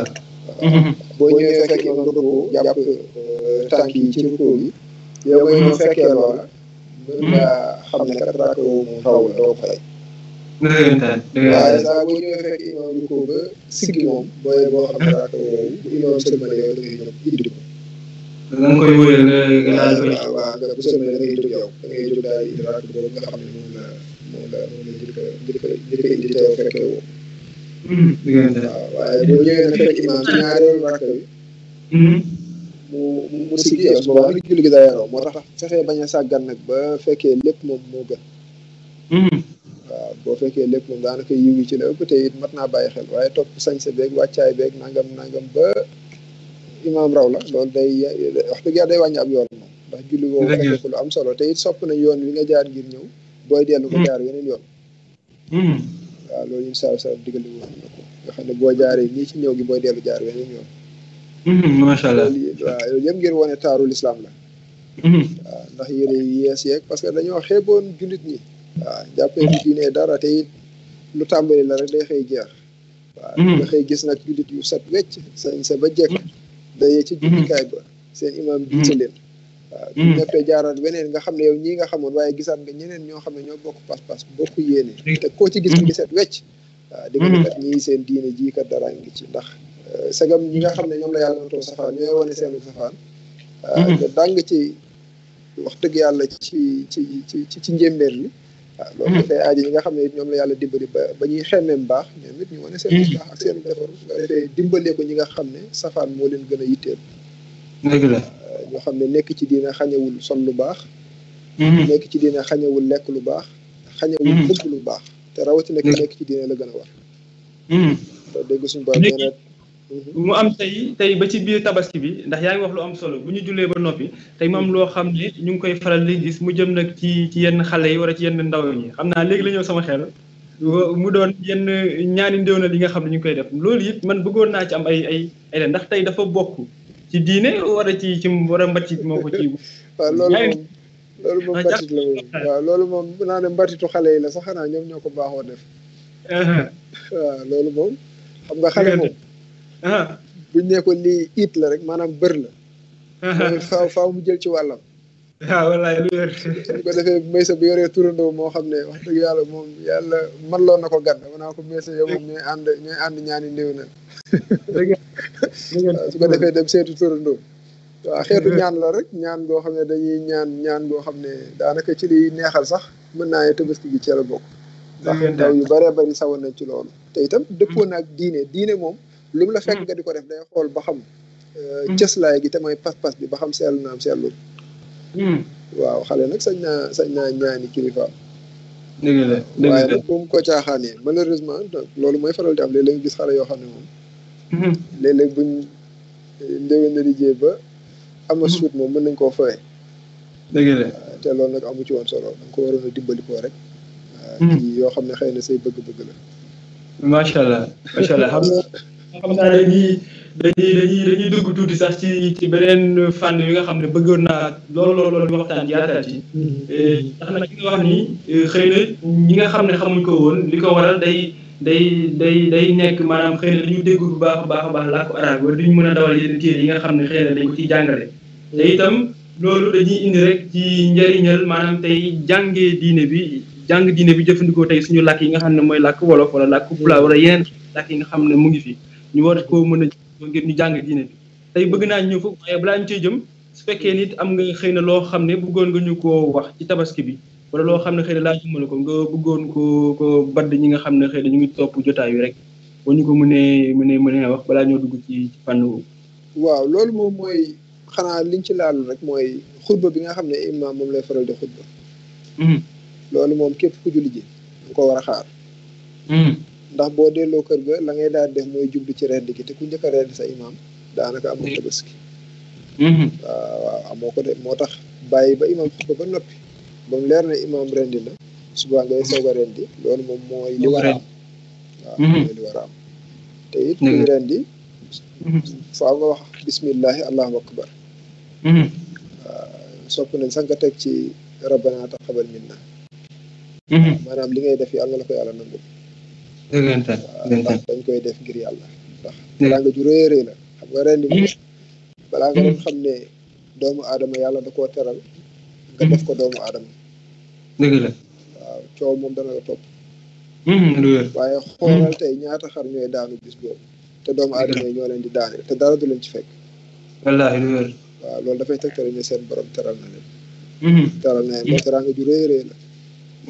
boo ñëwee fekk imaam rukkoo jàpp euh, tànk yi ci rukkoo bi nga xam ne rakk boobu moom raw la dëggantaan dëggantaan waaye saa boo ñëwee ba siggi daal a a njëkk a yaroo moo tax fexee bañ a sàggan nag ba fekkee lépp moom moo gën. Hmm. waaw boo fekkee lépp moom daanaka yiw yi ci la ëpp te it mat naa bàyyi xel waaye topp sañse beeg wàccaay beeg nangam nangam ba imaam raw la loolu day wax dëgg yàlla day wàññi ab yoon moom ndax julli lu solo te sopp nañ yoon wi nga jaar ngir ñëw booy dellu ko hmm. jaar yeneen yoon hmm. waaw loolu insha allah salam boo jaaree nii ci ñëw gi booy dellu jaar weneen yoon hmm, macha allah waaw loolu yëpp la ndax yére yi yees parce que dañoo xeeboon jullit ñi waaw jàppee ni diine mhm. dara te lu tàmbali la rek day xëy jeex waa mhm. nga xëy gis nag jullit yu set wecc sañ sa ba jekk mhm. daye ci jullikaay ba seen imam jiite leen waaw bu ñeppee jaaraat weneen xam ne yow ñii nga xamoon waaye gisaat nga ñeneen ñoo xam ne ñoo bokk pas-pas bokk yéene te koo ci gis ngi set wecc waaw di nga ne seen diine jii kat dara ngi ci ndax euh, sagam ñi nga xam ne ñoom la yàlla natoo safaan ñooy wane seenu safaan nga ci wax dëgg yàlla ci ci ci ci njémbeer li waaw loolu dafay aaji ñi nga xam ne it ñoom la yàlla dimbali ba ba ñuy xemmeem baax ñoom it ñu wane seen hmm. baax seen defar dimbalee ko ñi nga xam ne safaan moo leen gën a yitteel dëgg euh, xam ne nekk ci diina xañewul sol lu baax hmm. nekk ci diina xañewul lekk lu baax xañewul hmm. bëgg lu baax te rawatina nekk ci diina la gën a war dégg suñu borom nee na mu am tey tey ba ci biir tabaski bi ndax yaa ngi wax lu am solo bu ñu jullee ba noppi tey maam loo xam ne ñu ngi koy faral di gis mu jëm nag ci ci yenn xale yi war a ci yenn ndaw ñi xam naa léegi la ñëw sama xel mu doon yenn ñaani ndéwnal yi nga xam ñu koy def loolu it man bëggoon naa ci am ay ay ndax tey dafa bokk ci diine war a ci ci war a mbàccit moo ko ci waaw loolu loolu moom ah, mbàccit naa ne mbàccitu xale yi la sax xanaa ñoom ñoo ko baaxoo def uh-huh. waaw loolu moom xam nga xale moom Uh-huh. buñ ne ko lii it la rek maanaam bër la. Uh-huh. faaw faaw mu jël ci wàllam. waaw ah, wallaay lu wér. suñ ko defee Maysa bu yoree turandoo moo xam ne wax dëgg yàlla moom yàlla manloon na ko gan ma naa ko Maysa yow moom ñooy ànd ñooy ànd ñaani néew na. su ko defee dem seetu turandoo. waaw xeetu uh-huh. ñaan la rek ñaan goo xam ne dañuy ñaan ñaan goo xam ne daanaka ci liy neexal sax mën naa ne tabaski gi ci bokk. ndax ndaw yu bëree bëri sawoon nañ ci loolu. te itam dëppoo hmm. na ak diine diine moom. lu la fekk hmm. nga di ko def day xool ba xam euh, hmm. cëslaay gi te mooy pas-pas bi ba xam seetlu naam seetlul hmm. waaw xale nag sañ naa sañ naa ñaani kilifa dëgg la ko caaxaanee malheureusement loolu mooy faral di am léeg-léeg gis xale yoo xam ne moom léeg-léeg buñ euh, ndéwén na di jée ba ama suut moom mën nañ koo fooye dëgg la te loolu nag amu ci woon solo da ko waroon a dimbali rek yoo xam ne xëy na say bëgg-bëgg la xam naa dañuy dañuy dugg tuuti sax ci ci beneen fànn yi nga xam ne bëggoon naa lool lool lool ñu waxtaan yaatal ci. Mm-hmm. Eh, eh, xëy na ñi nga xam ne xamuñ ko woon li ko waral day day day day nekk maanaam xëy na dañu déggul bu baax baax a baax làkku araab wala duñu mën a dawal yenn kii yi nga xam ne xëy na dañ ko jàngale. te itam loolu dañuy indi rek ci njëriñal maanaam tey jàngee diine bi. jàng diine bi jëfandikoo tey suñu làkk yi nga xam ne mooy làkk wolof wala làkk pulaar wala yeneen làkk yi xam ne mu ngi fi ñu war ko mën a ngir ñu jàng diine bi tey bëgg naa ñu foofu waaye balaa ñu cee jëm su fekkee nit am nga xëy na loo xam ne bëggoon nga ñu ko wax ci tabaski bi wala loo xam ne xëy na laa jumale ko nga bëggoon ko ko badd ñi nga xam ne xëy na ñu ngi topp jotaay wi rek boo ñu ko mënee mënee mënee wax balaa ñoo dugg ci fànn woowu waaw loolu moom mooy xanaa liñ ci laal rek mooy xutba bi nga xam ne imaam moom lay faral di xutba hmm. loolu moom képp ku julli ji nga ko war a xaar hmm. ndax boo delloo kër ga la ngay daal def mooy jublu ci rendi gi te ku njëkk a rendi sa imaam daanaka amoo tabaski mhm. waaw waaw amoo ko de moo tax bàyyi ba imaam xutba ba noppi ba mu leer ne imaam rendi na suba ngay soog a rendi loolu moom mooy li war a am waaw mooy li war a am te it kuy rendi mhm. faaw nga wax bismillahi allahu akbar mhm. waaw sopp nañ sax nga teg ci rabbana taqabbal minna maanaam li ngay def yàlla la ko yàlla nangul dëggantaan dëggantaan dañ koy def ngir yàlla ndax teraanga ju rëy a rëy la xam nga ren bi balaa nga doon xam ne doomu aadama yàlla da koo teral nga def ko doomu aadama dëgg la waaw coow moom dana la topp hmm, waaye hmm. ñaata xar ñooy daanu bis te doomu aadama yi ñoo leen di daane te dara leen ci fekk wallaahi lu wér waaw loolu dafay tegtale ne seen borom teral na leen hmm. teral na leen la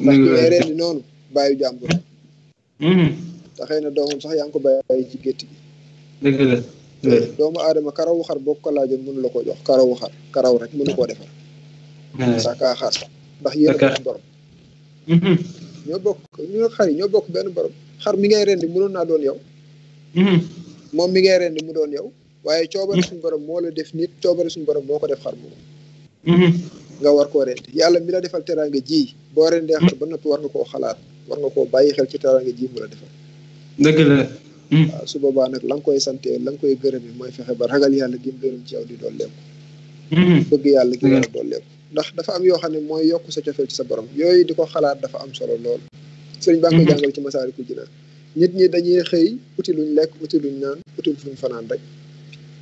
ndax ñooy ren noonu bàyyi jàmbur te xëy na doomam sax yaa ngi ko bàyyi ci gétt gi dëgg la doomu aadama karawu xar boo ko laajoon mënu la ko jox karawu xar karaw rek mënu koo defar sakaa xar ndax yéen a borom hmm. ñoo bokk ñu xar yi ñoo bokk benn borom xar mi ngay rendi mënoon naa doon yow hmm. moom mi ngay rendi mu doon yow waaye coobare hmm. suñu borom moo la def nit coobare suñu borom moo ko def xar moom nga war koo rendi yàlla mi la defal teraanga ji boo rendee xar ba noppi war nga koo xalaat war nga koo bàyyi xel ci teraanga ji mu la defal. dëgg la. Hmm. waaw nag la koy santee la nga koy gërëme mooy fexe ba ragal yàlla gi mu gërëm ci yow di dooleeku. Hmm. bëgg yàlla gi war ndax dafa am yoo xam ne mooy yokk sa cofeel ci sa borom yooyu di ko xalaat dafa am solo lool. sëriñ baa ngi ci ci Masaalikul Jinaan nit ñi dañuy xëy uti luñ lekk uti luñ naan uti fuñ fanaan rek.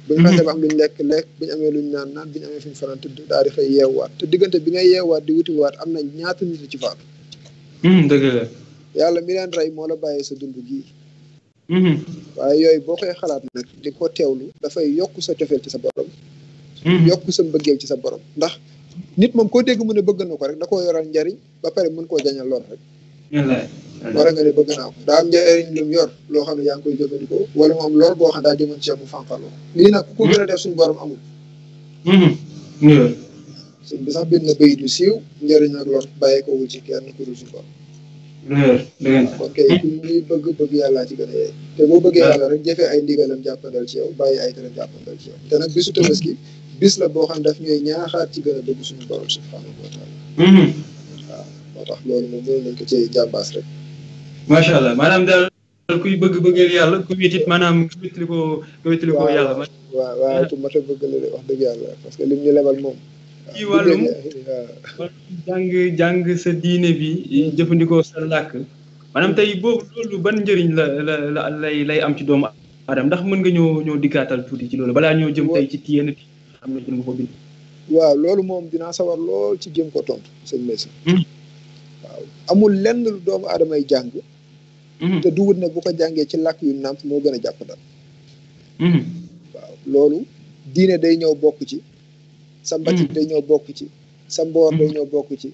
buñ hmm. xasee ba am luñ lekk lekk buñ amee luñ naan naan buñ amee fuñ fanaan tëdd daal di xëy yeewaat te diggante bi ngay yeewaat di wutiwaat am na ñaata nit ci faatu. dëgg la. yàlla mi leen rey moo la bàyyee sa dund gi. waaye yooyu boo koy xalaat nag di ko teewlu dafay yokk sa cofeel ci sa borom. Hmm, hmm. yokk sa mbëggeel ci sa borom ndax nit moom koo dégg mu ne bëgg na ko rek da koo yoral njariñ ba pare mën koo jañal lor rek. wala nga ne bëgg naa ko daa am njariñ lu yor loo xam ne yaa ngi koy jëfandikoo wala moom lor boo xam daa demoon ci mu fànqaloo lii nag ku gën a def suñu borom amul. Hmm, sëñ bi sax bind na béy du siiw njëriñ ak lor bàyyi ko wul ci kenn ku dul suñu kon kay ñuy bëgg bëgg yàllaa ci gën a yey. te boo bëggee yàlla rek jëfee ay ndigalam jàppandal ci yow bàyyi ay jàppandal ci yow te nag bisu bis la boo xam daf ñuy ñaaxaat ci gën a bëgg suñu borom subhaanahu wa taala. moo tax loolu moom nañ ko cee jàmbaas rek. allah maanaam daal kuy bëgg bëggeel yàlla ku wéetit maanaam nga wétali yàlla. waaw waaw ku mat bëgg la wax dëgg yàlla parce que lim ñu lebal moom ci jàng jàng sa diine bi jëfandikoo sa làkk maanaam tey boobu loolu ban njëriñ la la lay am ci doomu aadama ndax mën nga ñëw ñëw dikkaatal tuuti ci loolu balaa ñoo jëm tey ci yenn ti am na jël nga ko waaw loolu moom dinaa sawar lool ci jëm ko tontu sëñ Messi hmm. waaw amul lenn doomu aadama jàng hmm. te duwut ne bu ko jàngee ci làkk yu nàmp moo gën a jàpp hmm. loolu diine day ñëw bokk ci sa mbatit mm. dañoo bokk ci sa mboor mm. dañoo bokk ci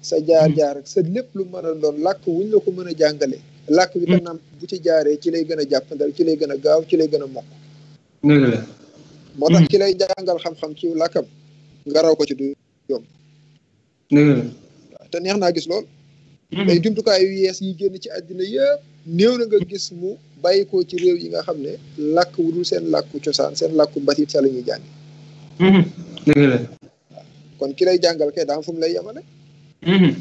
sa jaar-jaar mm. ak sa lépp lu mën a doon làkk wuñ la ko mën a jàngale làkk bi danaam bu ci jaaree ci lay gën a jàppandal ci lay gën a gaaw ci lay gën a mokk dëgg la moo tax ci làkkam nga ko ci du yomb te neex naa gis lool ay jumtukaay yu yees yi génn ci àddina yëpp néew na nga gis mu bàyyi ko ci réew yi nga xam ne làkk wudul seen làkku cosaan seen làkku mbatit sa lañuy ñuy kon ki lay jàngal kay daa am fu mu lay yemale. Mhm,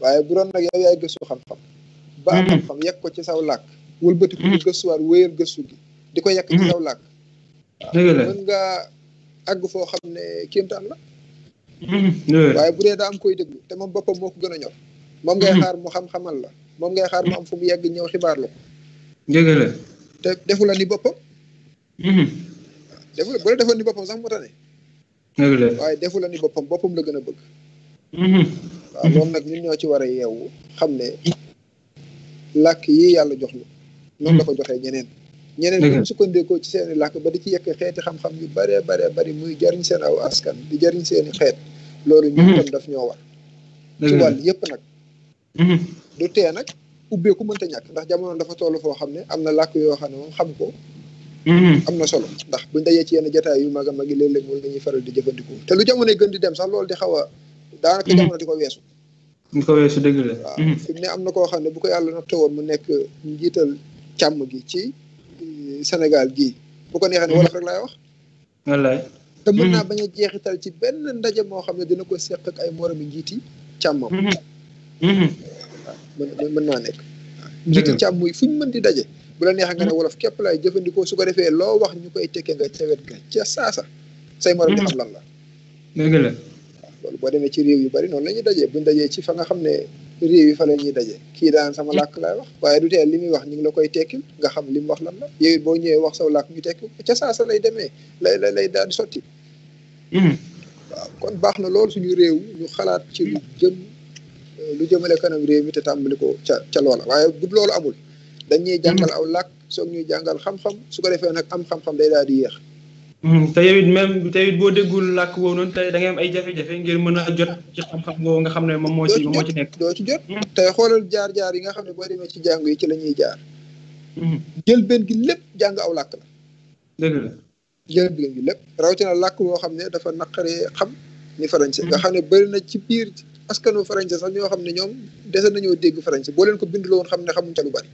waaye bu doon nag yow yaay gëstu xam-xam. ba am mhm. xam-xam yekk ko ci saw làkk. wëlbati ko mhm. gëstuwaat wéyal gëstu gi. di ko yekk ci saw làkk. dëgg mën nga àgg foo xam ne kéemtaan la. waaye bu dee daa am koy déglu te moom boppam moo ko gën a ñor. moom ngay xaar mu xam-xamal la. moom ngay xaar mu am fu mu yegg ñëw xibaar la ko. te defu la ni boppam. defu la bu defoon ni boppam sax mu waaye defu la ni boppam boppam la gën a bëgg mhm. waaw loolu nag ñun ñoo ci war a yeewu xam ne làkk yi yàlla jox lu noonu la ko joxee ñeneen ñeneen bu sukkandikoo ci seeni làkk ba di ci yekk xeeti xam-xam yu bare bare bari muy jariñ seen aw askan di jariñ seeni xeet loolu ñun mhm. tam daf ñoo war ci wàll yëpp nag mhm. du tee nag ubbeeku mënta ñàkk ndax jamono dafa toll foo xam ne am na làkk yoo xam ne moom xam ko Mhm. am na solo ndax bu dajee ci yenn jotaay yu mag a magi léeg-léeg moom la ñuy faral di jëfandikoo te lu jamono gën di dem sax loolu di xaw a daanaka mhm. jamono di ko weesu di ko weesu dëgg la waaw mhm. fi mu ne am na koo xam ne bu ko yàlla nattoo woon mu nekk njiital càmm gi ci eh, Sénégal gii bu ko neexee ne wolof rek wax wallaay te mën naa bañ a jeexital ci benn ndaje moo xam ne dina ko seq ak ay moromi njiiti càmmam waaw mën mën naa nekk njiiti càmm yi fu mu mën di daje bu la neexee nga ne wolof képp laay jëfandikoo su ko defee loo wax ñu koy tekkee nga ga ca saasa say morom di xam lan la loolu boo demee ci réew yu bari noonu lañuy dajee buñ dajee ci fa nga xam ne réew yi fa la ñuy dajee kii daan sama làkk laay wax waaye du tee li muy wax ñu ngi la koy tekkil nga xam li mu wax lan la yow boo ñëwee wax saw làkk ñu tekki ca saasa lay demee lay lay lay daal di sotti hmm. waaw kon baax na loolu suñu réew ñu xalaat ci lu jëm lu jëmale kanam réew mi te tàmbali ko ca ca loola waaye bu loolu amul dañ ñuy mm-hmm. jàngal aw làkk soog ñuy jàngal xam-xam su ko defee nag am xam-xam day daal di yéex. Mm-hmm. te yow it même te boo déggul làkk woowu noonu tey da ngay ay jafe ngir mën a jot ci xam-xam boobu nga xam ne moom moo ci moo ci nekk. doo ci jot mm-hmm. te xoolal jaar-jaar yi nga xam ne boo demee ci jàng yi ci la ñuy jaar. jël benn gi lépp jàng aw làkk la. dëgg la. jël benn rawatina làkk boo xam ne dafa naqaree xam ni français. nga xam ne bëri na ci biir askanu français sax ñoo xam ne ñoom dese nañoo dégg français boo leen ko binduloo xam ne xamuñ ca lu bari.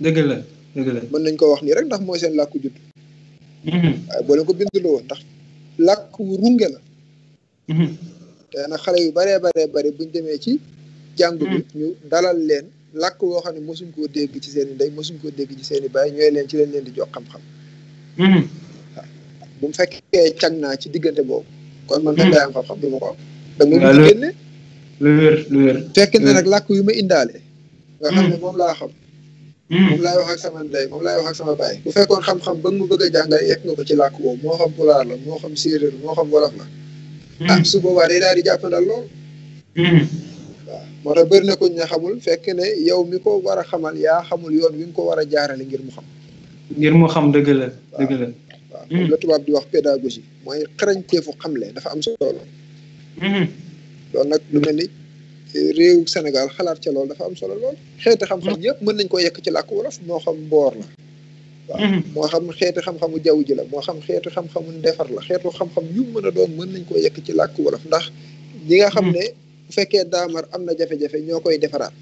dëgg la dëgg la mën nañ koo wax nii rek ndax mooy seen làkku judd mhm. waaye boo ko binduloo woon ndax làkk wu runge la mhm. te nag xale yu baree baree bari buñ demee ci jàngu bi mhm. ñu dalal leen làkk woo xam ne mosuñ koo dégg ci seen i ndey mosuñ koo dégg ci seen baay ñooy leen ci leen leen di jox xam-xam bu mu fekkee cag naa ci diggante boobu kon man fekk am ko lu wér na nag làkk yu ma indaale nga xam ne moom laa xam Hmm. moom laay wax sama ndey moom laay wax ak sama baay bu fekkoon xam-xam ba mu bëgg a jàngal yegg nga ko ci làkk boobu moo xam pulaar la moo xam séeréer moo xam wolof la hmm. ah su boobaa day daal di jàppandal lool hmm. waaw moo tax bëri ko ñu xamul fekk ne yow mi ko war a xamal yaa xamul yoon wi nga ko war a jaarale ngir mu xam ngir mu xam dëgg la dëgg la waaw moom la tubaab di wax pédagogie mooy xarañteefu xamle dafa am solo loolu nag lu mel ni réew Sénégal xalaat ca loolu dafa am solo lool xeeti xam-xam mm. yëpp mën nañ ko yekk ci làkk wolof moo xam mboor la mm-hmm. moo xam xeeti xam-xamu jaww ji la moo xam xeeti xam-xamu ndefar la xeetu xam-xam yu mën a doon mën nañ ko yekk ci làkk wolof ndax ñi nga xam mm-hmm. ne bu fekkee daamar am na jafe-jafe ñoo koy defaraat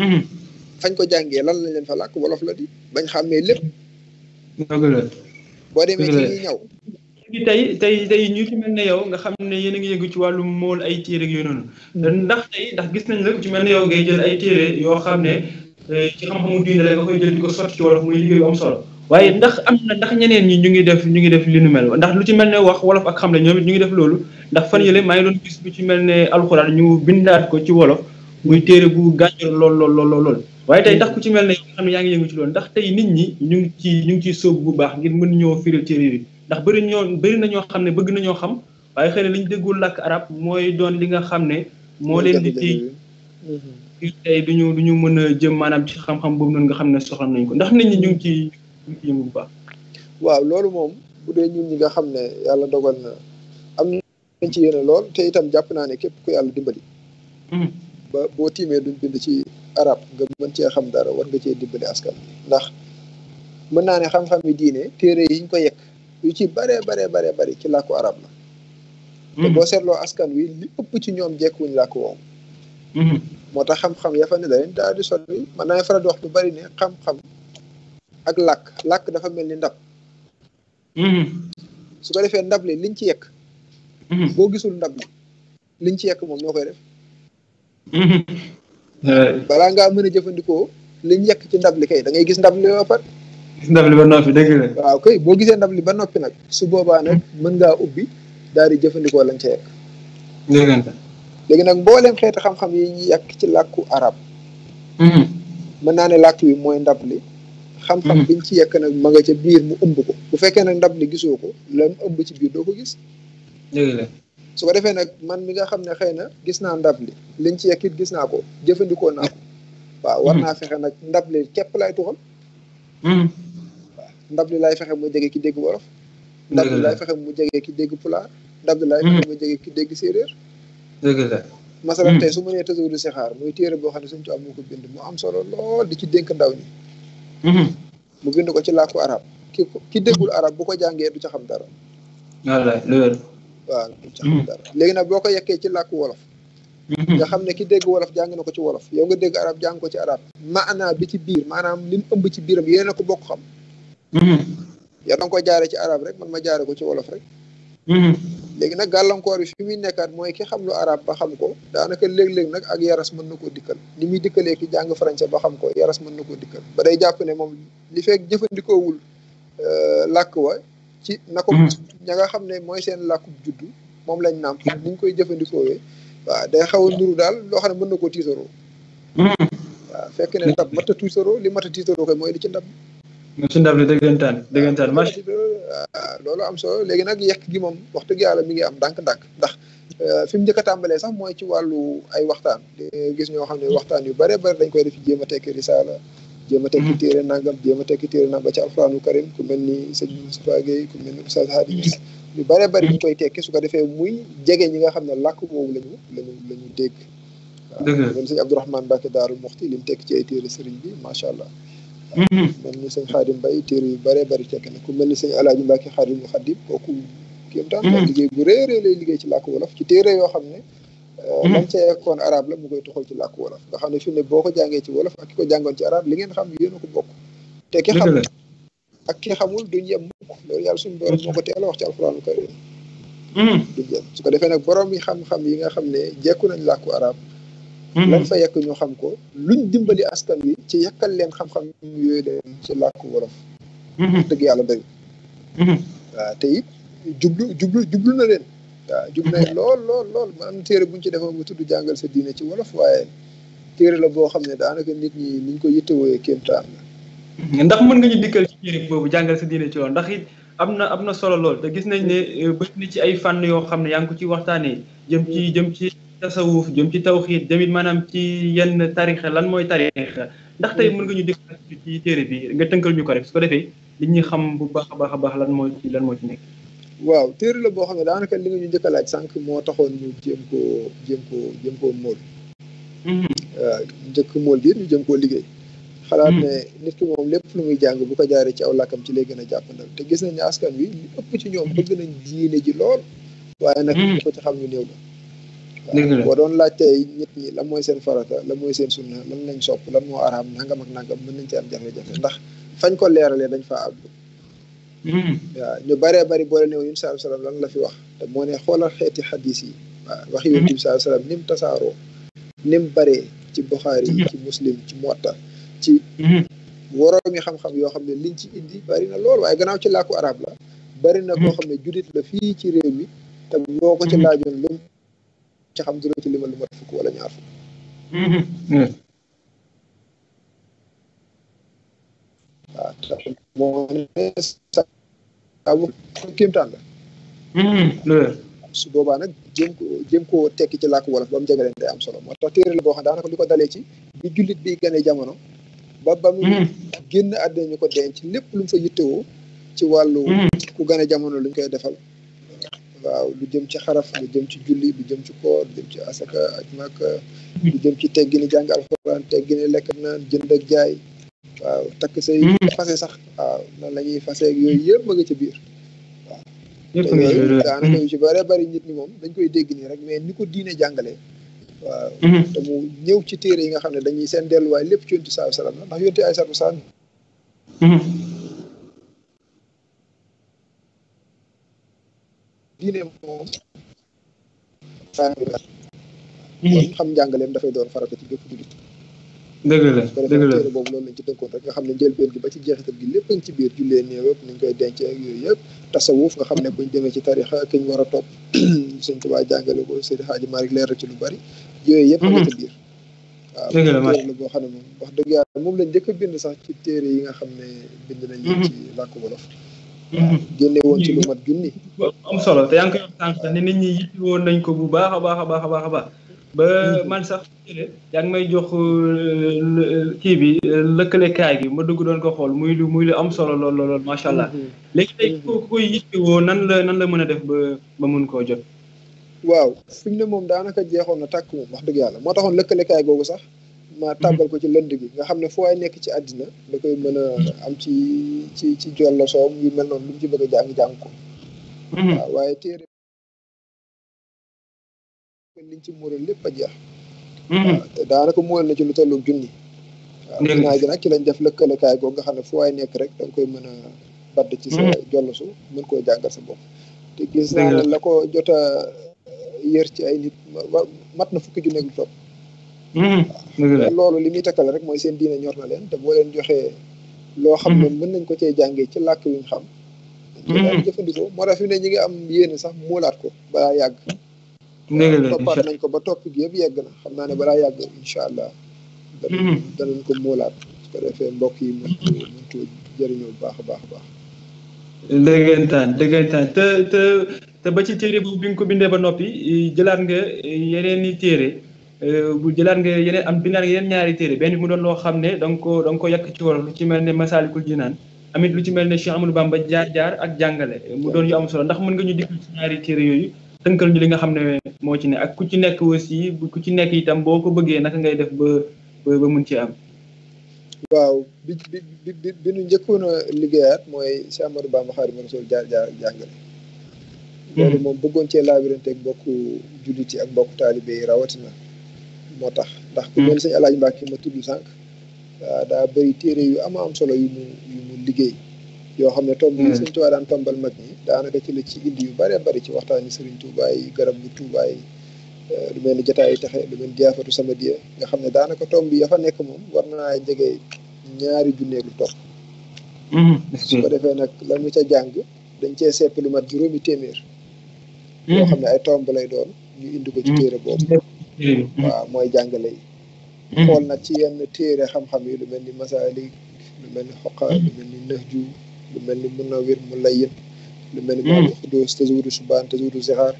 mm-hmm. fañ ko jàngee lan lañ leen fa làkk wolof la di bañ xàmmee lépp boo demee ci ñaw léegi tey tey tey ñu ci mel ne yow nga xam ne yéen a ngi yëngu ci wàllu mool ay téere ak yooyu noonu mm-hmm. ndax tey ndax gis nañ la ku ci mel ne yow ngay jël ay téere yoo xam ne eh, ci xam-xamu diine la koy jël di ko sotti ci wolof muy liggéey am solo waaye ndax am na ndax ñeneen ñi ñu ngi def ñu ngi def li nu mel ndax lu ci mel ne wax wolof ak xam ne ñoom ñu ngi def loolu ndax fan yële maa ngi doon gis bu ci mel ne alxuraan ñu bindaat ko ci wolof muy téere bu gànjor lool lool lool waaye tey ndax ku ci mel ne xam ne yaa ngi yëngu ci loolu ndax tey nit ñi ñu ngi ci ñu ngi ciy sóob bu baax ngir mën ñoo firil téere bi ndax bëri ñoo bëri na ñoo xam ne bëgg nañoo xam waaye xëy na li déggul làkk arab mooy doon li nga xam ne moo leen di ci tey duñu duñu mën a jëm maanaam ci xam-xam boobu noonu nga xam ne soxla nañ ko ndax nit ñi ñu ngi ci ñu loolu moom bu dee ñun nga xam ne yàlla dogal na am nañ ci yéene lool te itam jàpp naa ne képp ku yàlla dimbali hmm. ba boo tiimee duñ bind ci arab nga mën cee xam dara war nga cee dimbali askan ndax mën naa ne xam-xam yi diine téere yi ñu ko yekk yu ci baree baree bare bari ci làkku arab la te mm-hmm. boo seetloo askan wi li ëpp ci ñoom jekkuñ làkk woowu mm-hmm. moo tax xam-xam ya fa daal di sori man naa faral di wax lu bari ne xam-xam ak làkk làkk dafa mel ni ndab mm-hmm. su ko defee ndab li liñ ci yekk boo gisul ndab li liñ ci yekk moom noo koy def euh, balaa ngaa mën a jëfandikoo liñ yekk ci ndab li kay da gis ndab li ba pare gis ndab li ba noppi dëgg la. waaw kay boo gisee ndab li ba noppi nag su boobaa nag mën ngaa ubbi daal di jëfandikoo lañ ca yekk. léegi nag mbooleem xeeti xam-xam yi ñu yàq ci làkku arab. Mhm. mën naa ne làkk bi mooy ndab li. xam-xam mhm. biñ ci yekk nag ma nga ca biir mu ëmb ko bu fekkee nag ndab li gisoo ko la mu ci biir doo ko gis. dëgg su ko defee nag man mi nga xam ne xëy na gis naa ndab li lañ ci yekkit gis naa ko jëfandikoo naa ko. waaw war naa fexe nag ndab li képp lay tuxal. Mhm. ndab li laay fexe mu jege ki dégg wolof ndab li laay fexe mu jege ki dégg pulaar ndab li laay fexe hmm. mu jege ki hmm. su ma nee tasawudu sixaar muy téere boo xam ne suñu tubaab moo ko bind mu am solo lool di ci dénk ndaw mi hmm. mu bind ko ci làkku arab ki ki déggul arab bu ko jàngee du ca xam dara wallaay léegi nag boo ko yekkee ci làkk wolof nga xam ne ki dégg wolof jàng na ko ci wolof yow nga dégg arab jàng ko ci arab maanaa bi ci biir maanaam li mu ëmb ci biiram yéen a ko bokk xam Mhm. yow da nga ko jaare ci arab rek man ma jaare ko ci wolof rek mhm. léegi nag gàllankoor bi fi nekkaat mooy ki xam lu arab ba xam ko daanaka léeg-léeg nag ak yaras mën na koo dikkal ni muy dikkalee ki jàng français ba xam ko yaras mën na koo dikkal ba day jàpp ne moom li fekk jëfandikoowul euh, làkk wa ci na mhm. ña nga xam ne mooy seen làkkub juddu moom lañ nàmp ni ñu koy jëfandikoowee waaw day xaw a daal loo xam ne mën na koo tiitaroo waaw fekk ne ndab mat a li mat a tiitaroo koy mooy li ci ndab monsieur Ndafli dëggantaan ah, dëggantaan marché. Ah, loolu am solo léegi nag yekk gi moom wax dëgg yàlla mi ngi am ndànk-ndànk ndax euh, fi mu njëkk tàmbalee sax mooy ci wàllu ay waxtaan gis ñoo xam ne waxtaan yu bare bare dañ koy def jéem a tekki risaala jéem a tekki mhm. téere nangam jéem a tekki téere nangam ba ci alxuraanu karim ku mel ni sëñ Moustapha Gueye ku mel mhm. yu bare bare mhm. koy tekki su ko defee muy jege ñi nga xam ne làkk boobu lañu lañu la ñu dégg waaw loolu sëñ Abdourahmane Mbacke Daaru Muxti li mu tekki ci ay téere sëriñ bi macha allah Mhm. mel ni sëñ xaadim bay téere yu bëree bëri fekk ku mel ni sëñ alaaji mbàkke xaadim mu xaddim kooku kéemtaan mhm. la liggéey bu réerée lay liggéey ci làkk wolof ci téere yoo xam ne lan mhm. euh, arab la mu koy toxal ci làkk wolof xam ne fi boo ko jàngee ci wolof ak ki ko jàngoon ci arab li ngeen xam yéen a ko bokk te ki xam ak ki xamul duñ yem mukk loolu yàlla suñu borom moo ko teel wax ci alxuraanu karim duñ su ko defee nag borom yi xam yi nga xam ne jekku nañ làkku arab lan mhm. fa yàq ñu xam ko luñ dimbali askan wi ci yàkkal leen xam-xam yooyu de ci mhm. dëgg yàlla bëri mhm. waaw te it jublu jublu leen waaw na leen lool lool lool ma am téere buñ ci defoon mu tudd jàngal sa diine ci wolof waaye téere la boo xam ne daanaka nit ñi niñ ko yittewooyee kéemtaan la ndax mën nga ñu dikkal ci téere boobu jàngal sa diine ci wolof ndax it am na am na solo lool te gis nañ ne eh, bëri na ci ay fànn yoo xam ne yaa ngi ko ci waxtaanee jëm ci jëm ci tasawuf jëm ci tawxiid jëmit maanaam ci yenn tarixa lan mooy tarixa ndax tey mën nga ñu dégg ci téere bi nga tënkal ñu ko rek su ko defee li ñuy xam bu baax a baax a baax lan moo ci lan moo ci nekk waaw téere la boo xam ne daanaka li nga ñu njëkk a laaj sànq moo taxoon ñu jéem koo jéem koo jéem koo mool mm-hmm. waaw njëkk mool gi ñu jéem koo liggéey xalaat mm-hmm. ne nit ki moom lépp lu muy jàng bu ko jaaree ci aw làkkam ci lay gën a jàppandal te gis nañ askan wi ëpp ci ñoom bëgg nañ diine ji lool mm-hmm. waaye nag ko ci xam ñu néew la boo doon laajte nit ñi la mooy seen farata la mooy seen sunna lan lañ sopp lan moo araam nangam ak nangam mën nañ ci am jafe ndax fañ ko leeralee dañ faa àgg hmm. waaw ñu bëree bari boole new yim saa salaam lan la fi wax te moo ne xoolal xeeti xadis yi waaw wax hmm. yonent bi saa salaam ni mu tasaaroo ni mu bëree ci Buxaari hmm. ci muslim ci Muwatta ci waroom yi xam-xam yoo xam ne liñ ci indi bëri na lool waaye gannaaw ci làkku araab la bëri na koo xam ne judit la fii ci réew mi te boo ko ci laajoon lu ci xam dina ci limal lu mat fukk wala ñaar fukk. waaw tax moo ne saa bu kéemtaan la. su boobaa nag jéem ko jéem koo tekki ci làkk wolof ba mu jege leen day am solo moo tax téere la boo xam daanaka li ko dalee ci bi jullit bi gane jamono. ba ba mu hmm. génn àddina ñu ko denc lépp lu mu fa yittewoo. ci wàllu hmm. ku gane jamono luñ koy defal. waaw lu jëm ci xaraf lu jëm ci julli lu jëm ci koor lu jëm ci asaka ak màkka lu jëm ci teggini jàng alxuraan teggini lekk naan jënd ak jaay waaw takk say hmm. fase sax waaw nan la ñuy fase ak yëpp ma nga biir waaw te yooyu daanaka hmm. ci bare bari nit ñi moom dañ koy dégg nii rek mais ni ko diine jàngalee waaw hmm. te ñëw ci téere yi nga xam ne dañuy seen delluwaay lépp ci yontu saa salaam la ndax yontu ay salaam diine moom saa ngi weer kon xam njàngaleem dafay doon farata ci bépp jullit dëgg la dëgg la boobu loolu lañ ci tënkoon rek nga xam ne njëlbeen gi ba ci jeexital gi lépp lañ ci biir jullee néew yëpp ni ñu koy denc ak nga xam ne buñ demee ci tarixa ki ñu war a topp suñ tubaab jàngale ko Seydi Hadji Malick leer ci lu bari yooyu a nga ci hmm. biir waaw téere la xam ne moom wax dëgg yàlla moom lañ njëkk a bind sax ci téere yi nga xam ne bind nañ hmm. ci làkk wolof génne woon ci lu mat junni. am solo te yaa ngi koy wax ne nit ñi yitte woon nañ ko bu baax a baax a baax a baax a baax ba mhm. man sax yaa ngi may jox euh, euh, kii bi euh, lëkkalekaay gi ma dugg doon ko xool muy lu muy lu am solo lool lool allah. Mhm. léegi mhm. woo nan la nan la mën a def ba ba mun koo jot. waaw fi mu ne moom daanaka jeexoon na tàkk moom wax dëgg yàlla moo taxoon lëkkalekaay googu sax. maa mhm. tàbbal ko ci lënd bi nga xam ne foo ay nekk ci àddina da koy mën a mhm. am ci ci ci jollo soom yu mel noonu lu ci bëgg a jàng-jàng mhm. waaye téere liñ ci mural lépp a jeex waaw te daanaka na ci lu tollu junni waaw naa gi nag ci lañ def lëkkalekaay googu nga xam ne foo nekk rek da koy mën a badd ci sa jollosu mën koo jàngal sa bopp te gis naa la ko jot a yër ci ay nit mat na fukki junni ak lu topp Hmm. loolu li muy takkal rek mooy seen diine ñor na leen te boo leen joxee loo xam ne hmm. mën nañ ko cee jàngee ci làkk wi xam hmm. jëfandikoo moo tax fi ne ñi ngi am yéene sax muulaat ko yàgg toppaat nañ ko ba topp gi yëpp yegg na xam naa ne balaa yàgg incha allah danañ ko muulaat su ko mbokk yi mën mëntu jëriñoo bu baax a baax a baax dëggantaan dëggantaan te te te ba ci téere bu bi nga ko bindee ba noppi jëlaat nga yeneen i téere Euh, bu jëlaat nga yeneen am bindaat nga ñaari téere benn bi mu doon loo xam ne da nga ko da ci wolof lu ci mel ne Masaalikul Jinaan amit lu ci mel ne Cheikh Amadou Bamba jaar-jaar ak jàngale mu yu am solo ndax mën nga ñu dikk ci ñaari yooyu tënkal ñu li nga xam ne moo ci ne ak ku ci nekk aussi ku ci nekk itam boo ko bëggee naka ngay def ba mun ci am waaw bi bi liggéeyaat mooy Cheikh Amadou Bamba Xaadimu Rasuul jaar jaar jàngale hmm. loolu moom bëggoon cee laabirante ak mbokku jullit yi ak mbokku taalibe rawatina moo tax ndax ku mel alaaj Alaaji Mbàkke ma tudd sànq daa bëri téere yu am am solo yu mu yu liggéey yoo xam ne tomb yi sëñ mag ñi daanaka ci la ci indi yu bëree bëri ci waxtaani sëriñ Tuubaa yi garab bu Tuubaa mel ni jataayu taxe lu mel ni jaafatu sama die nga xam ne daanaka tomb yi ya fa nekk moom war naa jege ñaari junneeg lu topp su ko defee nag la mu ca jàng dañ cee sepp lu mat juróomi téeméer yoo xam ne ay tomb lay doon ñu indi ko ci téere boobu Hmm. waaw mooy jàngale yi hmm. xool nag ci yenn téere xam-xam yi lu mel ni masaalik lu mel ni xoqa hmm. lu mel ni nëhju lu mel ni munawir mu layin lu mel ni maanaam xudóos tazawudu subaan tazawudu zixaar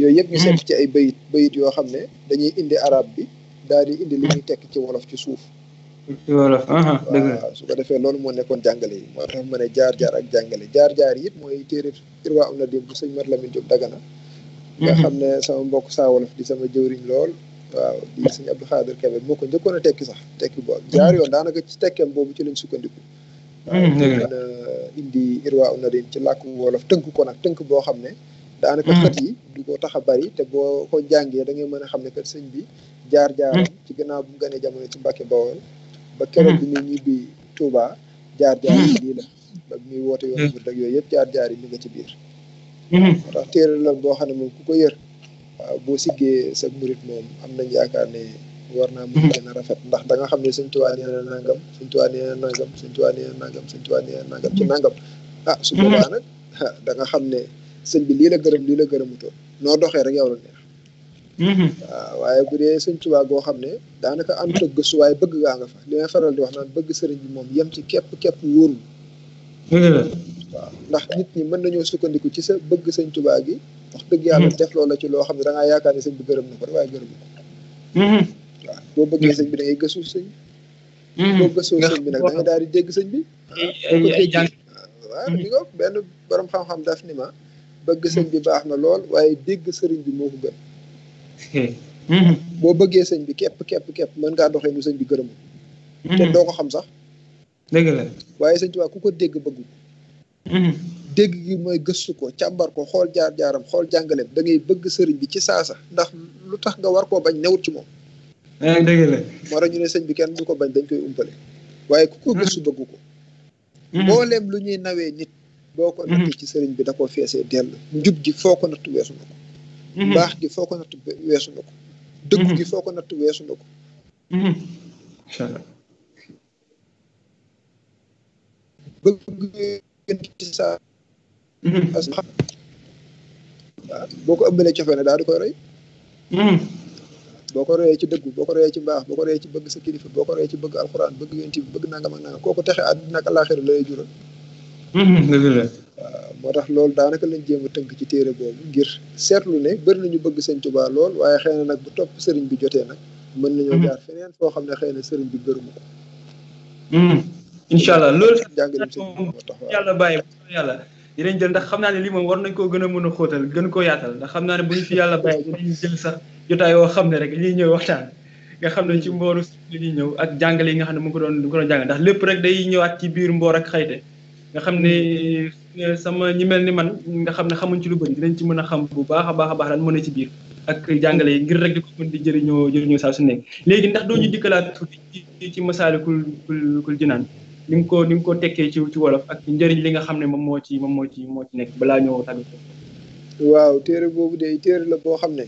yooy yëpp ñu seet ci ay bayit bayit yoo xam ne dañuy indi arab bi daal di indi li ñuy tekk ci wolof ci suuf wolof dëgg su ko defee loolu moo nekkoon jàngale yi moo tax ma ne jaar-jaar ak jàngale jaar-jaar yi mooy téere irwaa am na dim bu sëñ Mar Lamin Jóob nga mhm. xam ne sama mbokk saa wolof di sama jëwriñ lool waaw di sëñ Abdou Khadir Kébé moo ko njëkkoon a tekki sax tekki boobu jaar yoon mhm. daanaka ci tekkeem boobu ci lañ sukkandiku mhm, waaw mën a indi irwaa na din ci làkk wolof tënk ko nag tënk boo xam ne daanaka xët yi du ko tax a bari te boo ko jàngee da ngay mën a xam ne kat sëñ bi jaar jaaram ci gannaaw bu mu gënee jamono ci Mbàkke Bawol ba keroog bi muy ñibbi Touba jaar jaar yi lii la ba muy woote yoon bu dag yooyu yëpp jaar jaar yi nga ci biir moo mhm. tax téere la boo xam ne moom ku ko yër waaw boo siggee sa murit moom am nañ yaakaar ne war naa mun mhm. gën a rafet ndax danga xam ne suñ tuwaa nee na nangam suñ tuwaa nee na nangam suñ tuwaa ci nangam ah, mhm. da nga xam ne sëñ bi lii la gërëm lii la gërëmutoon noo doxee rek yow la bu dee sëñ Tuubaa goo xam ne daanaka àndut ak bëgg gaa li may faral di wax naan bëgg sëriñ bi moom yem ci kepp kepp wóorul waaw ndax nit ñi mën nañoo sukkandiku ci sa bëgg sëñ tubaa gi wax dëgg yàlla hmm. def loola ci loo xam ne da yaakaar ne sëñ bi gërëm na ko waaye gërëm ko hmm. waaw bi da ngay gëstu sëñ hmm. boo gëstoo nag da daal di dégg sëñ bi waaw li benn borom xam-xam daf ni ma bëgg sëñ bi baax na lool waaye dégg sëriñ bi moo ko gën boo bëggee sëñ bi képp képp képp mën ngaa doxee nu sëñ bi gërëmul te doo ko xam sax waaye sëñ tubaa ku ko dégg bëggu Mm-hmm. dégg gi mooy gëstu ko càmbar ko xool jaar-jaaram xool jàngaleem da ngay bëgg sëriñ bi ci saa saasa ndax lu tax nga war koo bañ newut ci moom. dëgg ñu ne sëñ bi kenn du ko bañ dañ koy umpale. waaye ku ko mm-hmm. gëstu bëgg ko. Mm-hmm. mbooleem lu ñuy nawee nit. boo ko natt ci sëriñ bi da koo feesee dell. njub gi foo ko natt weesu na ko. mbaax gi foo ko natt weesu na ko. dëgg gi foo ko natt weesu na ko. ci saa. waaw boo ko ëmbalee cofeene daal di koy roy. Mm-hmm. boo ko royee ci dëggu boo ko royee ci mbaax boo ko royee ci bëgg sa kilifa boo ko royee ci bëgg alxuraan bëgg yonent bi bëgg nangam ak nangam kooku texe àddina ak àllaaxira lay jural. Mm-hmm. dëgg waaw moo tax loolu daanaka lañ jéem a tënk ci téere boobu ngir seetlu ne bëri nañu bëgg sëñ Tuubaa lool waaye xëy na nag bu topp sëriñ bi jotee nag. mën nañoo mm-hmm. jaar feneen foo xam ne xëy na sëriñ bi gërëmu ko. inshallah lool loolu baye yalla di lañ jël ndax xamna ni li lii war nañ ko gëna mëna xotal gën ko yaatal ndax xamna ni ne fi yalla baye di lañ jël sax jotay yo xamne rek li ñëw waxtaan nga xamne ci mbooru li ñëw ak jangale yi nga xamne mu ko doon ko doon jang ndax lepp rek day ñëwaat ci biir mbor ak xayte nga xamne sama ñi melni man nga xamne xamuñ ci lu di lañ ci mëna xam bu baaxa baaxa baax lan mëna ci biir ak jangale yi ngir rek di ko mën di jëriñoo jëriñoo sa su nekk legi ndax doo ñu dikkalaat tuuti ci masalikul kul jinan ni mu ko ni ko tekkee ci ci wolof ak njëriñ li nga xam ne moom moo ci moom moo ci moo ci nekk balaa ñëw tamit. waaw téere boobu de téere la boo xam ne.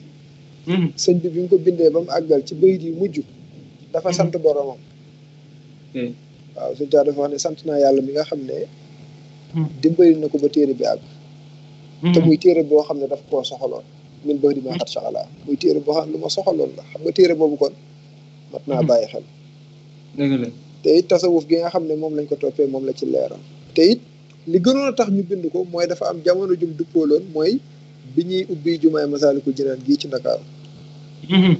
Hmm. sëñ bi bi mu ko bindee ba mu àggal ci bayit yi mujj. dafa hmm. sant boromam. Eh. waaw sëñ Thiaw dafa wax ne sant naa yàlla mi nga xam ne. Hmm. dimbali na ko ba téere bi àgg. te muy téere boo xam ne daf koo soxaloon. min bëri di ma xat saxalaa muy téere boo xam ne lu ma soxaloon la xam nga téere boobu kon mat naa bàyyi xel. te it tasawuf gi nga xam ne moom lañ ko toppee moom la ci leeral te it li gënoon a tax ñu bind ko mooy dafa am jamono jum duppooloon mooy bi ñuy ubbi jumaay Masaalikul Jinaan gii ci Ndakaaru mhm.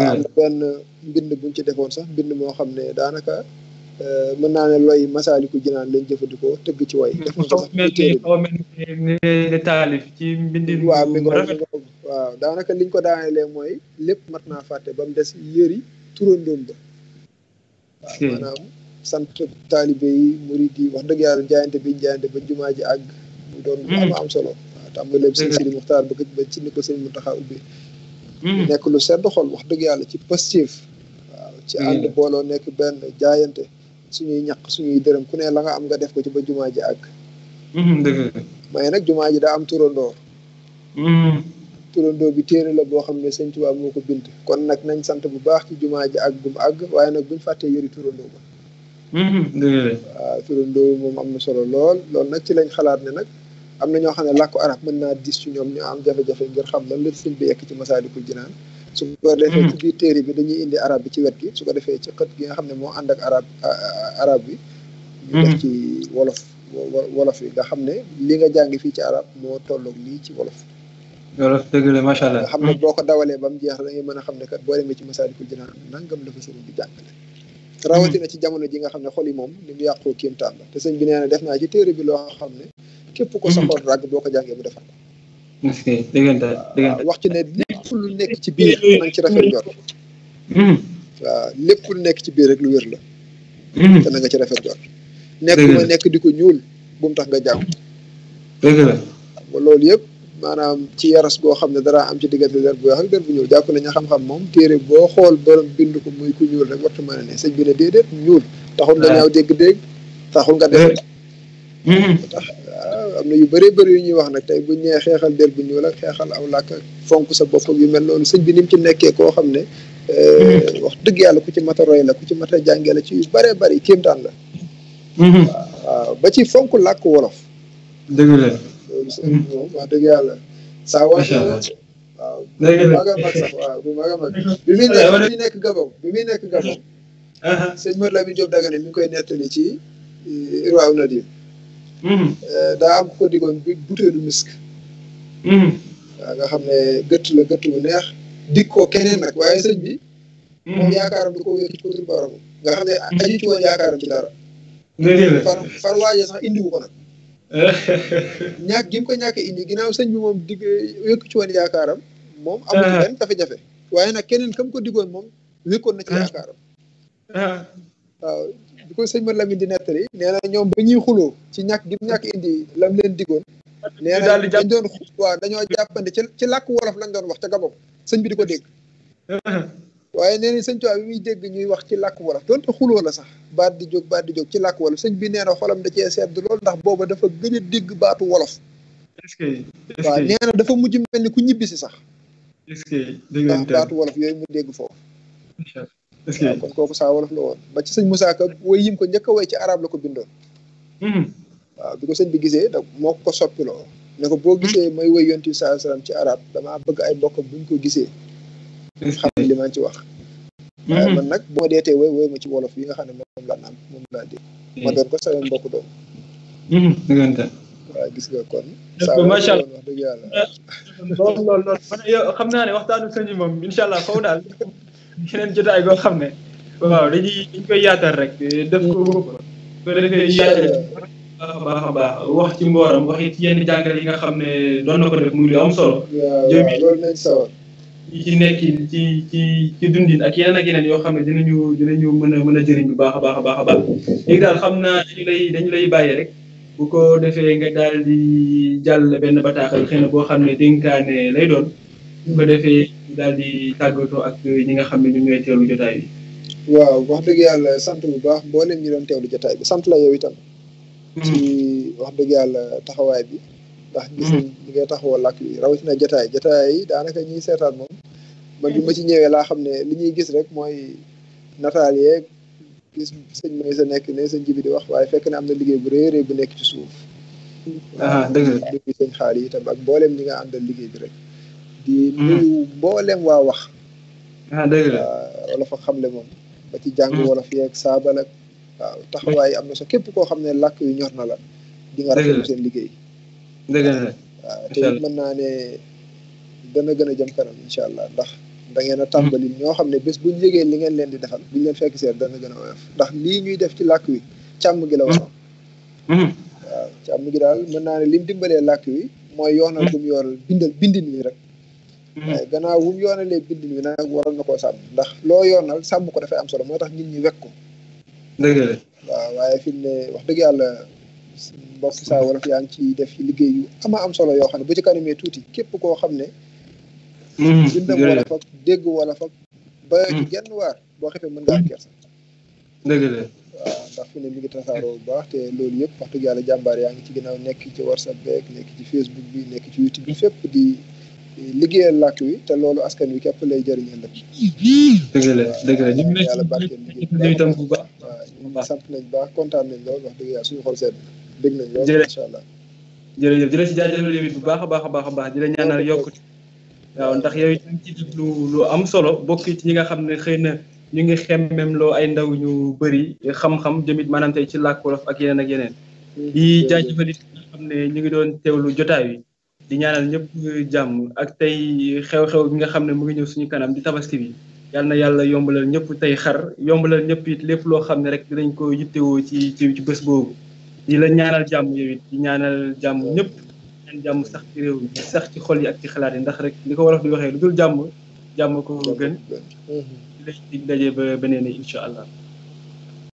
am mhm. mbind buñ ci defoon sax mbind moo xam ne daanaka euh, mën naa ne looy Masaalikul Jinaan lañ jëfandikoo tëgg ci way mhm. ci mbind waaw mi ngo waaw daanaka liñ ko daanelee mooy lépp mat naa fàtte ba mu des yëri turandoom ba waaw hmm. sant taalibe yi murid di wax dëgg yàlla jaayante bi jaayante ba jumaa ji àgg mu doon lu hmm. am am solo waaw tàmbalee bi sëñ Sidi Muxtaar ba ba ci ni ko sëñ Muntaxa ubbi hmm. nekk lu sedd xol wax dëgg yàlla ci positif waaw ci ànd booloo nekk benn jaayante suñuy ñaq suñuy dërëm ku nee la nga am nga def ko ci ba jumaa ji àgg may nag jumaa ji daa am turandoor turandoo bi téere la boo xam ne sëñ Tuubaa moo ko bind kon nag nañ sant bu baax ci jumaa ji ak gum àgg waaye nag buñ fàttee yëri turandoo ba mm-hmm. waaw turandoo moom am na solo lool lool nag ci lañ xalaat ne nag am na ñoo xam ne làkku arab mën naa dis ci ñoom ñu am jafe-jafe ngir xam lan la sëñ bi yekk ci Masaalikul Jinaan su ko defee mm-hmm. ci biir téere bi dañuy indi arab bi ci wet gi su ko defee ci xët gi nga xam ne moo ànd ak arab arab bi ñu def mm-hmm. ci wolof wolof yi nga xam ne li nga jàngi fii ci arab moo tolloog lii ci wolof jolof dëgg la macha allah xam boo ko dawalee ba mu jeex da ngay mën a xam ne kat boo demee ci Masaalikul Jinaan nangam dafa sëriñ bi jàngale rawatina ci jamono ji nga xam ne xol moom ni mu yàqoo kéemtaan la te sëñ bi nee na def naa ci téere bi loo xam ne képp ko saxoon ràgg boo ko jàngee mu defar wax ci ne lépp lu nekk ci biir nang ci rafet mhm. waaw lépp lu nekk ci biir rek lu wér la mhm. te na nga ci rafet nekk ma nekk di ko ñuul bu mu tax nga dëgg la loolu yëpp maanaam ci yaras goo xam ne daraa am ci diggante der bu weex ak der bu ñuul jàpp a xam-xam moom téere boo xool borom bind ko muy ku ñuul rek wartu mën a ne sëñ bi ne déedéet ñuul taxul dégg-dégg ah. taxul nga def eh. hmm. tax ah, yu bëree bëri yu ñuy wax nag tey buñ ñee xeexal der bu ñuul ak xeexal aw làkk fonk sa bopp yu mel noonu sëñ bi ni ci nekkee koo xam ne hmm. eh, wax dëgg yàlla ku ci mat a roy la ku ci mat jàngee la ci yu bëree bëri kéemtaan la waaw hmm. ah, ba ci fonk làkk wolof loolu sëriñ bi moom dëgg yàlla saa wax waaw bu mag mag sax waaw bu mag mag bi muy nekk bi muy nekk Gabon bi muy nekk Gabon sëñ Modou Lamine Diop Dagana ngi koy nettali ci Irwaaw Nadim daa am ku ko digoon bi misk waaw nga xam ne gëtt la gëtt bu neex dig ko keneen nag waaye sëñ bi moom yaakaaram da ko wéer ci poudre borom nga xam ne aju ci woon yaakaaram ci dara far far waajee sax indiwu ko nag ñàkk gi mu ko ñàkk indi ginnaaw sëñ bi moom digg wékku ci woon yaakaaram moom amul ah. benn jafe-jafe waaye nag keneen kam ko diggoon moom wékkoon na ci ah. yaakaaram ah. waaw bi ko sëñ ma Lamine di nettali nee na ñoom ba ñuy xuloo ci ñàkk gi mu ñàkk indi lam leen diggoon nee na dañ doon waaw dañoo jàppande ci ci làkk wolof lañ doon wax ca Gabon sëñ bi di ko dégg waaye nee nañ sëñ Tuubaa bi muy dégg ñuy wax ci làkk wolof donte xuloo la sax baat di jóg baat di jóg ci làkk wolof sëñ bi nee na xolam da cee sedd lool ndax booba dafa gën a dégg baatu wolof. est dafa mujj mel ni ku ñibbi sax. est-ce que dëgg la baatu wolof kon kooku saa wolof la woon ba ci sëñ Moussa Ka woy yim ko njëkka a woy ci arab la ko bindoon. Hmm. waaw bi ko sëñ bi gisee da moo ko soppiloo ne ko boo gisee may woy yonti bi saa salaam ci arab damaa bëgg ay bu ñu ko gisee. maa ma ci wax. waaye mhm. euh, man nag boo ma deetee woy woy ma ci wolof yi nga xam ne moom laa naan moom laa dee. ma doon ko sama mbokk doom. Mhm, waaw nga kon. macha allah wax yàlla. lool lool lool xam naa ne waxtaanu sëñ bi moom incha allah foofu daal yeneen jotaay boo xam ne. waaw dañuy dañ koy rek. def ko mhm. ko ko wax ci mbooram waxi ci yenn jàngale yi nga xam ne doon na ko def muy lu am solo. waaw waaw loolu nañ ci nekkin ci ci ci dundin ak yeneen ak yeneen yoo xam ne dinañu dinañu mën a mën a jëriñ bu baax a baax a baax a baax léegi daal xam naa dañu lay dañu lay bàyyi rek bu ko defee nga daal di jàll benn bataaxal xëy na boo xam ne dénkaane lay doon bu ko defee daal di tàggatoo ak ñi nga xam ne ñoom ñooy teewlu jotaay bi. waaw wax dëgg yàlla sant bu baax mboolem ñu doon teewlu jotaay bi sant la yow itam. Hmm. ci wax dëgg yàlla taxawaay bi ndax gis nañ li ngay taxawoo làkk bi rawatina jataay jataay yi daanaka ñuy seetaan moom man bi ci ñëwee laa xam li ñuy gis rek mooy nataal yeeg gis sëñ mooy sa nekk ne sëñ jibi di wax waaye fekk na am na liggéey bu rëy rëy bu nekk ci suuf dëgg la dëgg sëñ xaar yi itam ak mboolem ñi nga àndal liggéey bi rek di nuyu bolem waa wax dëgg la wala fa xamle moom ba ci jàng wala fi yeeg saabal ak waaw taxawaay am na sa képp koo xam ne yu ñor na la di nga rafetlu seen liggéey la waaw te it naa ne dana gën a jëm kanam incha allah ndax da ngeen a tàmbali hmm. ñoo xam ne bés buñ yëgee li ngeen leen di defal buñ leen fekk seet dana gën a woyof ndax lii ñuy def ci làkk wi càmm gi la waroon hmm. hmm. waaw càmm gi daal mën naa ne lim dimbalee làkk wi mooy yoonal bu mu yoonal bindal bindin wi rek waaye gannaaw bu mu yoonalee bindin wi nag waral na koo sàmm ndax loo yoonal sàmm ko dafay am solo moo tax nit ñi wekk ko waaw waaye fi mu wax dëgg yàlla mbokk saa wolof yaa ngi ciy def liggéey yu ama am solo yoo xam ne bu ci kanamee tuuti képp koo xam ne. bindam mm-hmm. wolof ak dégg wolof ba mm-hmm. genn waar boo xefee mën ngaa am kersa. dëgg la fi ne mi ngi tasaaroo bu baax te loolu yëpp wax dëgg yàlla jàmbaar yaa ngi ci ginnaaw nekk ci whatsapp beeg nekk ci facebook bi nekk ci youtube bi fépp di liggéeyal làkk wi te loolu askan wi képp lay jër ëllëg. dëgg la dëgg la ñu ngi lay sant bu baax yàlla barkeel liggéey bu baax waaw ñu sant nañ baax kontaan nañ lool wax dëgg yàlla suñu xol sedd dégg nañ loolu incha allah jërëjëf di la si jaajëfal yow it bu baax a baax baax a ñaanal yokkute waaw ndax yow it ci lu lu am solo bokk ci mm-hmm. nga xam ne ñu ngi xemmem loo ay ndaw ñu bëri xam-xam jëmit maanaam tey ci làkk wolof ak yeneen ak yeneen di jaajëfal nga xam ñu ngi doon teewlu jotaay wi di ñaanal ñëpp jàmm ak xew-xew bi nga mu ngi suñu kanam di tabaski bi na yombalal xar yombalal it rek dinañ ko ci ci ci bés di la ñaanal jàmm yow ñaanal jàmm ñëpp jàmm sax ci réew sax ci xol yi ak ci xalaat yi ndax rek li ko wolof di waxee lu dul jàmm jàmm ko gën di lay daje ba beneen incha allah